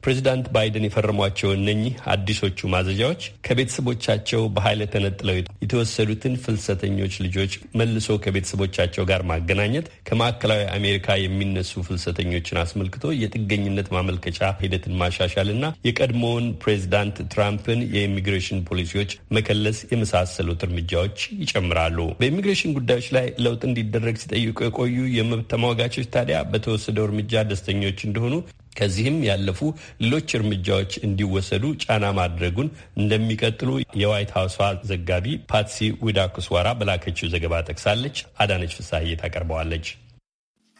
ፕሬዚዳንት ባይደን የፈረሟቸው እነኚህ አዲሶቹ ማዘዣዎች ከቤተሰቦቻቸው በኃይል ተነጥለው የተወሰዱትን ፍልሰተኞች ልጆች መልሶ ከቤተሰቦቻቸው ጋር ማገናኘት፣ ከማዕከላዊ አሜሪካ የሚነሱ ፍልሰተኞችን አስመልክቶ የጥገኝነት ማመልከቻ ሂደትን ማሻሻል እና የቀድሞውን ፕሬዚዳንት ትራምፕን የኢሚግሬሽን ፖሊሲዎች መከለስ የመሳሰሉት እርምጃዎች ይጨምራሉ። በኢሚግሬሽን ጉዳዮች ላይ ለውጥ እንዲደረግ ሲጠይቁ የቆዩ የመብት ተሟጋቾች ታዲያ በተወ በተወሰደው እርምጃ ደስተኞች እንደሆኑ ከዚህም ያለፉ ሌሎች እርምጃዎች እንዲወሰዱ ጫና ማድረጉን እንደሚቀጥሉ የዋይት ሀውሷ ዘጋቢ ፓትሲ ዊዳኩስዋራ በላከችው ዘገባ ጠቅሳለች። አዳነች ፍሳሄ ታቀርበዋለች።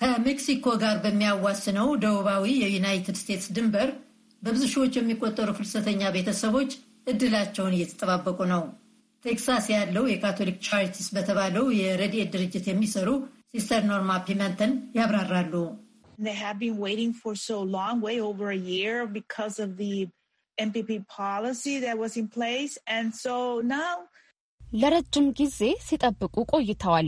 ከሜክሲኮ ጋር በሚያዋስነው ደቡባዊ የዩናይትድ ስቴትስ ድንበር በብዙ ሺዎች የሚቆጠሩ ፍልሰተኛ ቤተሰቦች እድላቸውን እየተጠባበቁ ነው። ቴክሳስ ያለው የካቶሊክ ቻሪቲስ በተባለው የረድኤት ድርጅት የሚሰሩ ሲስተር ኖርማ ፒመንተን ያብራራሉ። They have been waiting for so long, way over a year, because of the MPP policy that was in place. And so now ለረጅም ጊዜ ሲጠብቁ ቆይተዋል።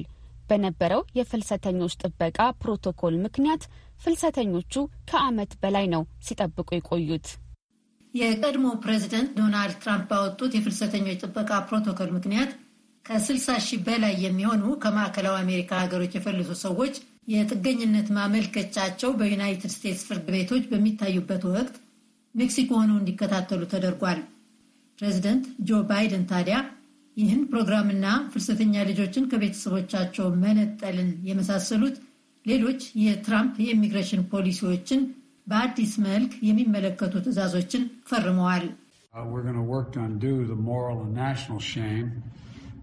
በነበረው የፍልሰተኞች ጥበቃ ፕሮቶኮል ምክንያት ፍልሰተኞቹ ከዓመት በላይ ነው ሲጠብቁ የቆዩት። የቀድሞ ፕሬዚደንት ዶናልድ ትራምፕ ባወጡት የፍልሰተኞች ጥበቃ ፕሮቶኮል ምክንያት ከ60 ሺህ በላይ የሚሆኑ ከማዕከላዊ አሜሪካ ሀገሮች የፈለሱ ሰዎች የጥገኝነት ማመልከቻቸው በዩናይትድ ስቴትስ ፍርድ ቤቶች በሚታዩበት ወቅት ሜክሲኮ ሆነው እንዲከታተሉ ተደርጓል። ፕሬዚደንት ጆ ባይደን ታዲያ ይህን ፕሮግራምና ፍልሰተኛ ልጆችን ከቤተሰቦቻቸው መነጠልን የመሳሰሉት ሌሎች የትራምፕ የኢሚግሬሽን ፖሊሲዎችን በአዲስ መልክ የሚመለከቱ ትዕዛዞችን ፈርመዋል። uh,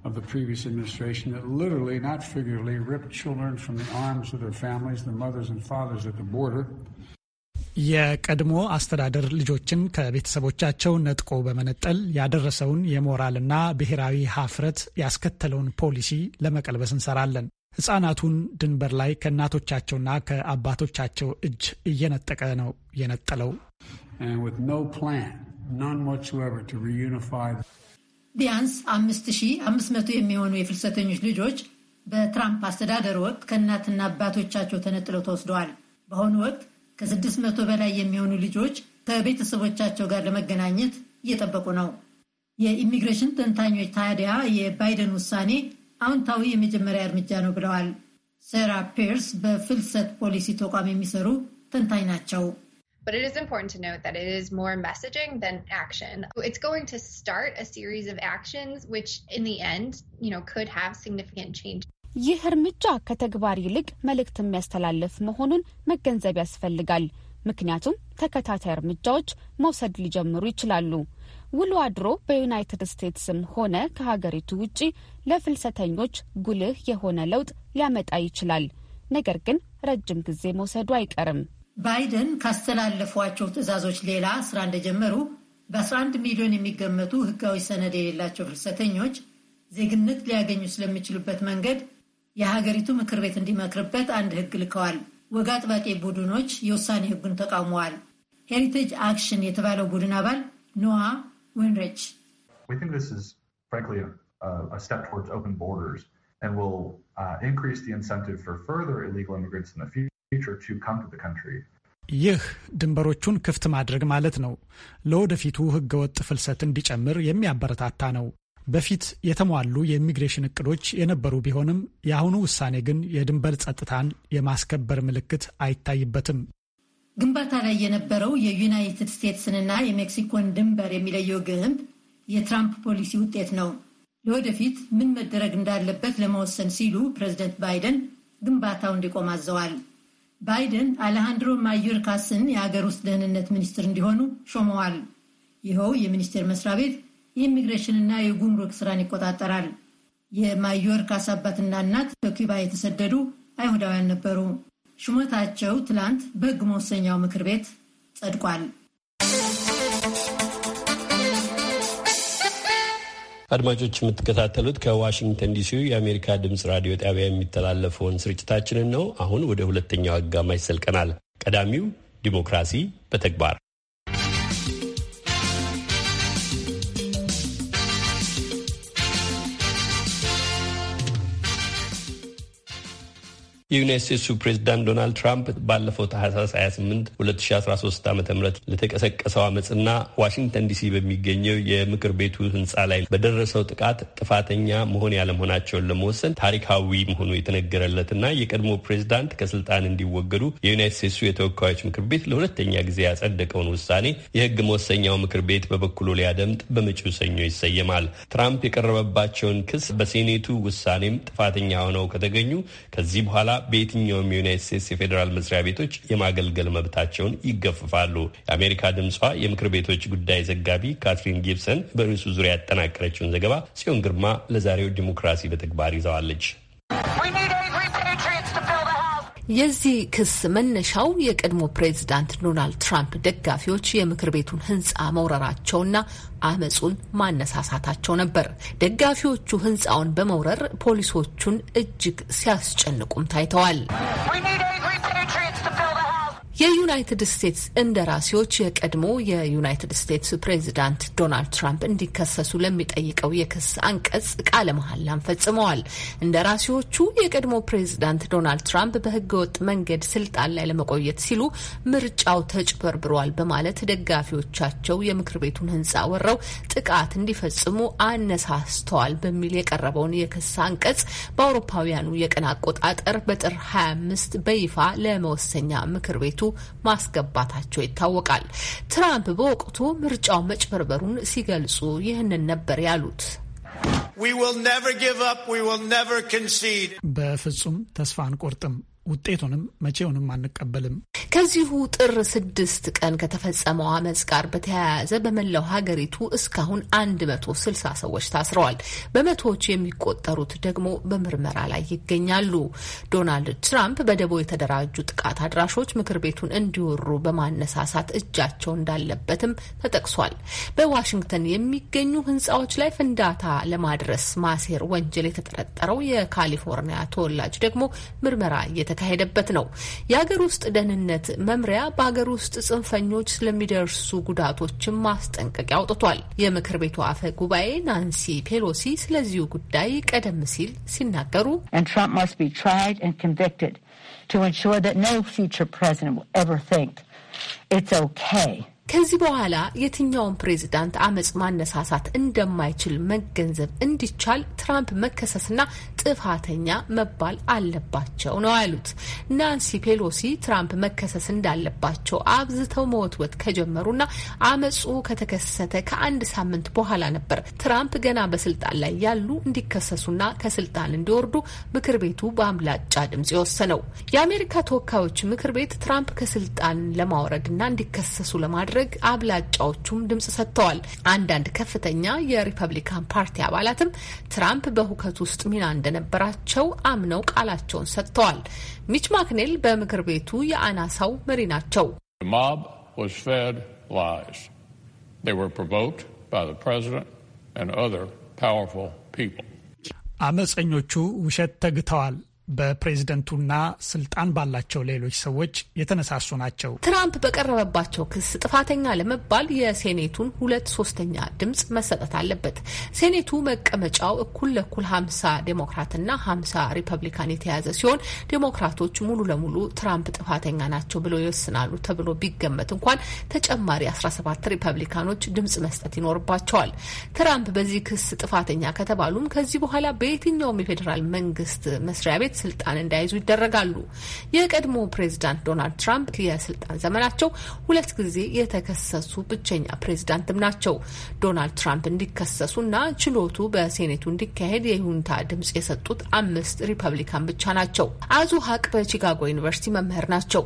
of the previous administration that literally, not figuratively, ripped children from the arms of their families, the mothers and fathers at the border. የቀድሞ አስተዳደር ልጆችን ከቤተሰቦቻቸው ነጥቆ በመነጠል ያደረሰውን የሞራልና ብሔራዊ ሀፍረት ያስከተለውን ፖሊሲ ለመቀልበስ እንሰራለን። ሕፃናቱን ድንበር ላይ ከእናቶቻቸውና ከአባቶቻቸው እጅ እየነጠቀ ነው የነጠለው። ቢያንስ መቶ የሚሆኑ የፍልሰተኞች ልጆች በትራምፕ አስተዳደር ወቅት ከእናትና አባቶቻቸው ተነጥለው ተወስደዋል። በአሁኑ ወቅት ከ መቶ በላይ የሚሆኑ ልጆች ከቤተሰቦቻቸው ጋር ለመገናኘት እየጠበቁ ነው። የኢሚግሬሽን ተንታኞች ታዲያ የባይደን ውሳኔ አዎንታዊ የመጀመሪያ እርምጃ ነው ብለዋል። ሴራ ፔርስ በፍልሰት ፖሊሲ ተቋም የሚሰሩ ተንታኝ ናቸው። But it is important to note that it is more messaging than action. It's going to start a series of actions which in the end, you know, could have significant change. ይህ እርምጃ ከተግባር ይልቅ መልእክት የሚያስተላልፍ መሆኑን መገንዘብ ያስፈልጋል። ምክንያቱም ተከታታይ እርምጃዎች መውሰድ ሊጀምሩ ይችላሉ። ውሎ አድሮ በዩናይትድ ስቴትስም ሆነ ከሀገሪቱ ውጪ ለፍልሰተኞች ጉልህ የሆነ ለውጥ ሊያመጣ ይችላል። ነገር ግን ረጅም ጊዜ መውሰዱ አይቀርም። ባይደን ካስተላለፏቸው ትዕዛዞች ሌላ ስራ እንደጀመሩ በ11 ሚሊዮን የሚገመቱ ህጋዊ ሰነድ የሌላቸው ፍልሰተኞች ዜግነት ሊያገኙ ስለሚችሉበት መንገድ የሀገሪቱ ምክር ቤት እንዲመክርበት አንድ ህግ ልከዋል። ወግ አጥባቂ ቡድኖች የውሳኔ ህጉን ተቃውመዋል። ሄሪቴጅ አክሽን የተባለው ቡድን አባል ኖዋ ወንረች ይህ ድንበሮቹን ክፍት ማድረግ ማለት ነው። ለወደፊቱ ህገወጥ ፍልሰት እንዲጨምር የሚያበረታታ ነው። በፊት የተሟሉ የኢሚግሬሽን እቅዶች የነበሩ ቢሆንም የአሁኑ ውሳኔ ግን የድንበር ጸጥታን የማስከበር ምልክት አይታይበትም። ግንባታ ላይ የነበረው የዩናይትድ ስቴትስንና የሜክሲኮን ድንበር የሚለየው ግንብ የትራምፕ ፖሊሲ ውጤት ነው። ለወደፊት ምን መደረግ እንዳለበት ለመወሰን ሲሉ ፕሬዚደንት ባይደን ግንባታው እንዲቆም አዘዋል። ባይደን አሌሃንድሮ ማዮርካስን የሀገር ውስጥ ደህንነት ሚኒስትር እንዲሆኑ ሾመዋል። ይኸው የሚኒስቴር መስሪያ ቤት የኢሚግሬሽንና የጉምሩክ ስራን ይቆጣጠራል። የማዮርካስ አባትና እናት ከኩባ የተሰደዱ አይሁዳውያን ነበሩ። ሹመታቸው ትላንት በሕግ መወሰኛው ምክር ቤት ጸድቋል። አድማጮች የምትከታተሉት ከዋሽንግተን ዲሲ የአሜሪካ ድምፅ ራዲዮ ጣቢያ የሚተላለፈውን ስርጭታችንን ነው። አሁን ወደ ሁለተኛው አጋማሽ ሰልቀናል። ቀዳሚው ዲሞክራሲ በተግባር የዩናይት ስቴትሱ ፕሬዚዳንት ዶናልድ ትራምፕ ባለፈው ታህሳስ 28 2013 ዓ ም ለተቀሰቀሰው አመፅና ዋሽንግተን ዲሲ በሚገኘው የምክር ቤቱ ህንፃ ላይ በደረሰው ጥቃት ጥፋተኛ መሆን ያለመሆናቸውን ለመወሰን ታሪካዊ መሆኑ የተነገረለትና የቀድሞ ፕሬዚዳንት ከስልጣን እንዲወገዱ የዩናይት ስቴትሱ የተወካዮች ምክር ቤት ለሁለተኛ ጊዜ ያጸደቀውን ውሳኔ የህግ መወሰኛው ምክር ቤት በበኩሉ ሊያደምጥ በመጪው ሰኞ ይሰየማል። ትራምፕ የቀረበባቸውን ክስ በሴኔቱ ውሳኔም ጥፋተኛ ሆነው ከተገኙ ከዚህ በኋላ በየትኛውም የዩናይት ስቴትስ የፌዴራል መስሪያ ቤቶች የማገልገል መብታቸውን ይገፍፋሉ። የአሜሪካ ድምጿ የምክር ቤቶች ጉዳይ ዘጋቢ ካትሪን ጊብሰን በርዕሱ ዙሪያ ያጠናቀረችውን ዘገባ ጽዮን ግርማ ለዛሬው ዲሞክራሲ በተግባር ይዘዋለች። የዚህ ክስ መነሻው የቀድሞ ፕሬዚዳንት ዶናልድ ትራምፕ ደጋፊዎች የምክር ቤቱን ህንፃ መውረራቸውና አመፁን ማነሳሳታቸው ነበር። ደጋፊዎቹ ህንፃውን በመውረር ፖሊሶቹን እጅግ ሲያስጨንቁም ታይተዋል። የዩናይትድ ስቴትስ እንደራሴዎች የቀድሞ የዩናይትድ ስቴትስ ፕሬዚዳንት ዶናልድ ትራምፕ እንዲከሰሱ ለሚጠይቀው የክስ አንቀጽ ቃለ መሐላም ፈጽመዋል። እንደራሴዎቹ የቀድሞ ፕሬዚዳንት ዶናልድ ትራምፕ በህገወጥ መንገድ ስልጣን ላይ ለመቆየት ሲሉ ምርጫው ተጭበርብሯል በማለት ደጋፊዎቻቸው የምክር ቤቱን ህንጻ ወረው ጥቃት እንዲፈጽሙ አነሳስተዋል በሚል የቀረበውን የክስ አንቀጽ በአውሮፓውያኑ የቀን አቆጣጠር በጥር 25 በይፋ ለመወሰኛ ምክር ቤቱ ማስገባታቸው ይታወቃል። ትራምፕ በወቅቱ ምርጫው መጭበርበሩን ሲገልጹ ይህንን ነበር ያሉት። በፍጹም ተስፋ አንቆርጥም ውጤቱንም መቼውንም አንቀበልም። ከዚሁ ጥር ስድስት ቀን ከተፈጸመው አመፅ ጋር በተያያዘ በመላው ሀገሪቱ እስካሁን አንድ መቶ ስልሳ ሰዎች ታስረዋል። በመቶዎች የሚቆጠሩት ደግሞ በምርመራ ላይ ይገኛሉ። ዶናልድ ትራምፕ በደቦ የተደራጁ ጥቃት አድራሾች ምክር ቤቱን እንዲወሩ በማነሳሳት እጃቸው እንዳለበትም ተጠቅሷል። በዋሽንግተን የሚገኙ ህንፃዎች ላይ ፍንዳታ ለማድረስ ማሴር ወንጀል የተጠረጠረው የካሊፎርኒያ ተወላጅ ደግሞ ምርመራ እየተ እየተካሄደበት ነው። የአገር ውስጥ ደህንነት መምሪያ በአገር ውስጥ ጽንፈኞች ስለሚደርሱ ጉዳቶችን ማስጠንቀቂያ አውጥቷል። የምክር ቤቱ አፈ ጉባኤ ናንሲ ፔሎሲ ስለዚሁ ጉዳይ ቀደም ሲል ሲናገሩ to ensure that no future president will ever think it's okay ከዚህ በኋላ የትኛውን ፕሬዚዳንት አመፅ ማነሳሳት እንደማይችል መገንዘብ እንዲቻል ትራምፕ መከሰስና ጥፋተኛ መባል አለባቸው ነው ያሉት። ናንሲ ፔሎሲ ትራምፕ መከሰስ እንዳለባቸው አብዝተው መወትወት ከጀመሩና አመፁ ከተከሰተ ከአንድ ሳምንት በኋላ ነበር ትራምፕ ገና በስልጣን ላይ ያሉ እንዲከሰሱና ከስልጣን እንዲወርዱ ምክር ቤቱ በአብላጫ ድምጽ የወሰነው። የአሜሪካ ተወካዮች ምክር ቤት ትራምፕ ከስልጣን ለማውረድና እንዲከሰሱ ለማድረግ ለማድረግ አብላጫዎቹም ድምጽ ሰጥተዋል። አንዳንድ ከፍተኛ የሪፐብሊካን ፓርቲ አባላትም ትራምፕ በሁከት ውስጥ ሚና እንደነበራቸው አምነው ቃላቸውን ሰጥተዋል። ሚች ማክኔል በምክር ቤቱ የአናሳው መሪ ናቸው። አመፀኞቹ ውሸት ተግተዋል። በፕሬዝደንቱና ስልጣን ባላቸው ሌሎች ሰዎች የተነሳሱ ናቸው። ትራምፕ በቀረበባቸው ክስ ጥፋተኛ ለመባል የሴኔቱን ሁለት ሶስተኛ ድምፅ መሰጠት አለበት። ሴኔቱ መቀመጫው እኩል ለእኩል ሀምሳ ዴሞክራትና ሀምሳ ሪፐብሊካን የተያዘ ሲሆን ዴሞክራቶች ሙሉ ለሙሉ ትራምፕ ጥፋተኛ ናቸው ብለው ይወስናሉ ተብሎ ቢገመት እንኳን ተጨማሪ 17 ሪፐብሊካኖች ድምፅ መስጠት ይኖርባቸዋል። ትራምፕ በዚህ ክስ ጥፋተኛ ከተባሉም ከዚህ በኋላ በየትኛውም የፌዴራል መንግስት መስሪያ ቤት ቤት ስልጣን እንዳይዙ ይደረጋሉ። የቀድሞ ፕሬዚዳንት ዶናልድ ትራምፕ የስልጣን ዘመናቸው ሁለት ጊዜ የተከሰሱ ብቸኛ ፕሬዚዳንትም ናቸው። ዶናልድ ትራምፕ እንዲከሰሱና ችሎቱ በሴኔቱ እንዲካሄድ የይሁንታ ድምጽ የሰጡት አምስት ሪፐብሊካን ብቻ ናቸው። አዙ ሀቅ በቺካጎ ዩኒቨርሲቲ መምህር ናቸው።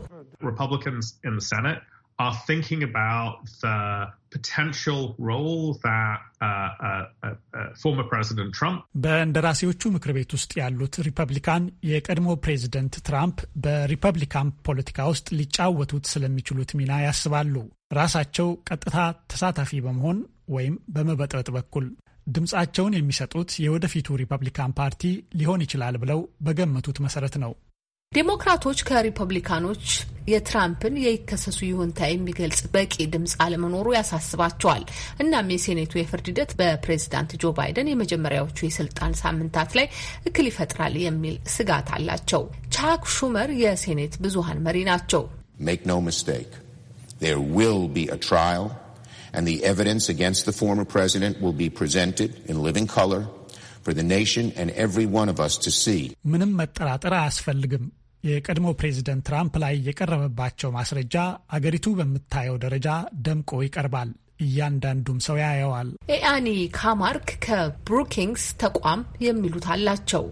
በእንደራሴዎቹ ምክር ቤት ውስጥ ያሉት ሪፐብሊካን የቀድሞ ፕሬዚደንት ትራምፕ በሪፐብሊካን ፖለቲካ ውስጥ ሊጫወቱት ስለሚችሉት ሚና ያስባሉ፣ ራሳቸው ቀጥታ ተሳታፊ በመሆን ወይም በመበጥበጥ በኩል ድምፃቸውን የሚሰጡት የወደፊቱ ሪፐብሊካን ፓርቲ ሊሆን ይችላል ብለው በገመቱት መሰረት ነው። ዴሞክራቶች ከሪፐብሊካኖች የትራምፕን የይከሰሱ ይሁንታ የሚገልጽ በቂ ድምፅ አለመኖሩ ያሳስባቸዋል። እናም የሴኔቱ የፍርድ ሂደት በፕሬዚዳንት ጆ ባይደን የመጀመሪያዎቹ የስልጣን ሳምንታት ላይ እክል ይፈጥራል የሚል ስጋት አላቸው። ቻክ ሹመር የሴኔት ብዙሀን መሪ ናቸው። ሪል for the nation and every one of us to see. ምንም መጠራጠር አያስፈልግም። የቀድሞ ፕሬዝደንት ትራምፕ ላይ የቀረበባቸው ማስረጃ አገሪቱ በምታየው ደረጃ ደምቆ ይቀርባል። እያንዳንዱም ሰው ያየዋል። ኤአኒ ካማርክ ከብሩኪንግስ ተቋም የሚሉት አላቸው።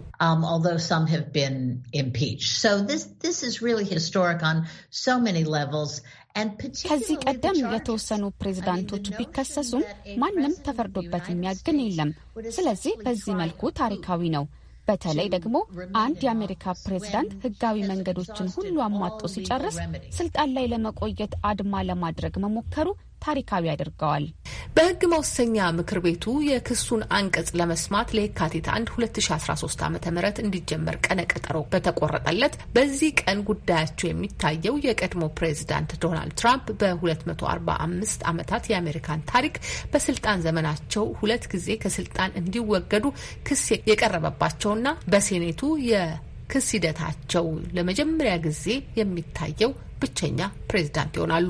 ከዚህ ቀደም የተወሰኑ ፕሬዝዳንቶች ቢከሰሱም ማንም ተፈርዶበት የሚያግን የለም። ስለዚህ በዚህ መልኩ ታሪካዊ ነው። በተለይ ደግሞ አንድ የአሜሪካ ፕሬዝዳንት ህጋዊ መንገዶችን ሁሉ አሟጦ ሲጨርስ ስልጣን ላይ ለመቆየት አድማ ለማድረግ መሞከሩ ታሪካዊ ያደርገዋል። በህግ መወሰኛ ምክር ቤቱ የክሱን አንቀጽ ለመስማት ለየካቲት 1 2013 ዓ ም እንዲጀመር ቀነ ቀጠሮ በተቆረጠለት በዚህ ቀን ጉዳያቸው የሚታየው የቀድሞ ፕሬዚዳንት ዶናልድ ትራምፕ በ245 ዓመታት የአሜሪካን ታሪክ በስልጣን ዘመናቸው ሁለት ጊዜ ከስልጣን እንዲወገዱ ክስ የቀረበባቸውና በሴኔቱ የክስ ሂደታቸው ለመጀመሪያ ጊዜ የሚታየው ብቸኛ ፕሬዚዳንት ይሆናሉ።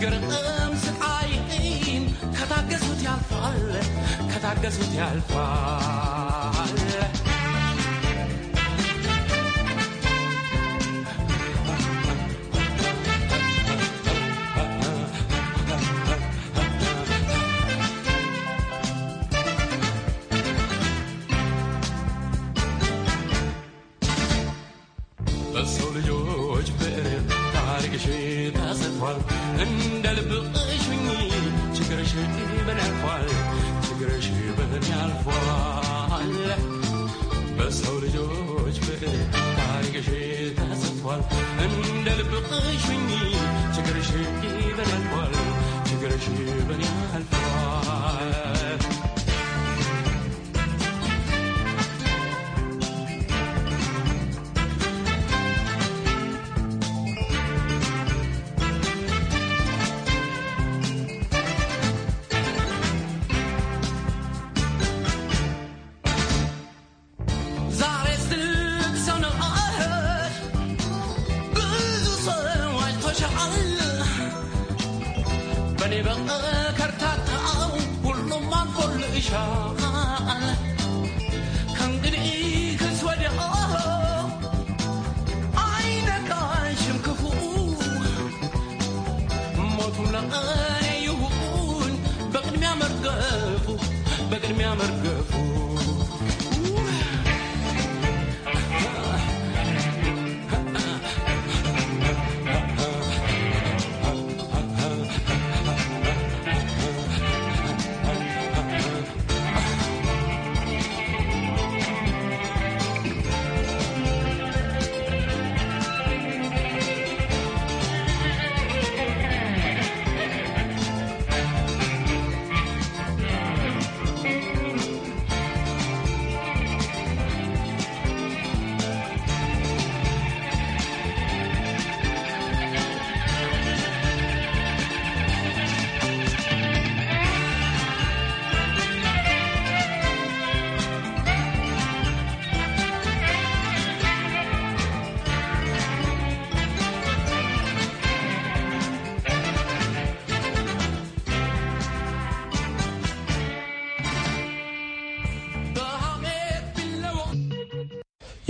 ችግርም ስቃይም ከታገሱት ያልፋል ከታገሱት ያልፋል በቅድሚያ መርገፉ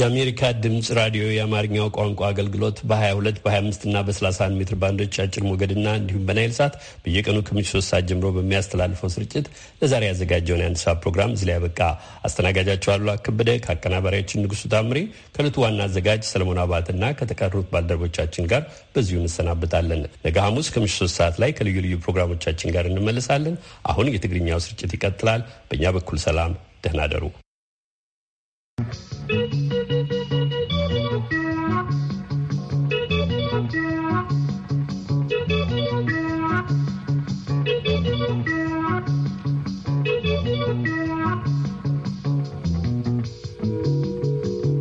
የአሜሪካ ድምፅ ራዲዮ የአማርኛው ቋንቋ አገልግሎት በ22 በ25 እና በ31 ሜትር ባንዶች አጭር ሞገድና እንዲሁም በናይል ሰዓት በየቀኑ ከምሽቱ ሶስት ሰዓት ጀምሮ በሚያስተላልፈው ስርጭት ለዛሬ ያዘጋጀውን የአንድ ሰዓት ፕሮግራም እዚህ ላይ ያበቃ። አስተናጋጃቸው አሉላ ከበደ ከአቀናባሪያችን ንጉሱ ታምሪ ከእለቱ ዋና አዘጋጅ ሰለሞን አባትና ከተቀሩት ባልደረቦቻችን ጋር በዚሁ እንሰናበታለን። ነገ ሐሙስ ከምሽቱ ሶስት ሰዓት ላይ ከልዩ ልዩ ፕሮግራሞቻችን ጋር እንመለሳለን። አሁን የትግርኛው ስርጭት ይቀጥላል። በእኛ በኩል ሰላም፣ ደህና ደሩ።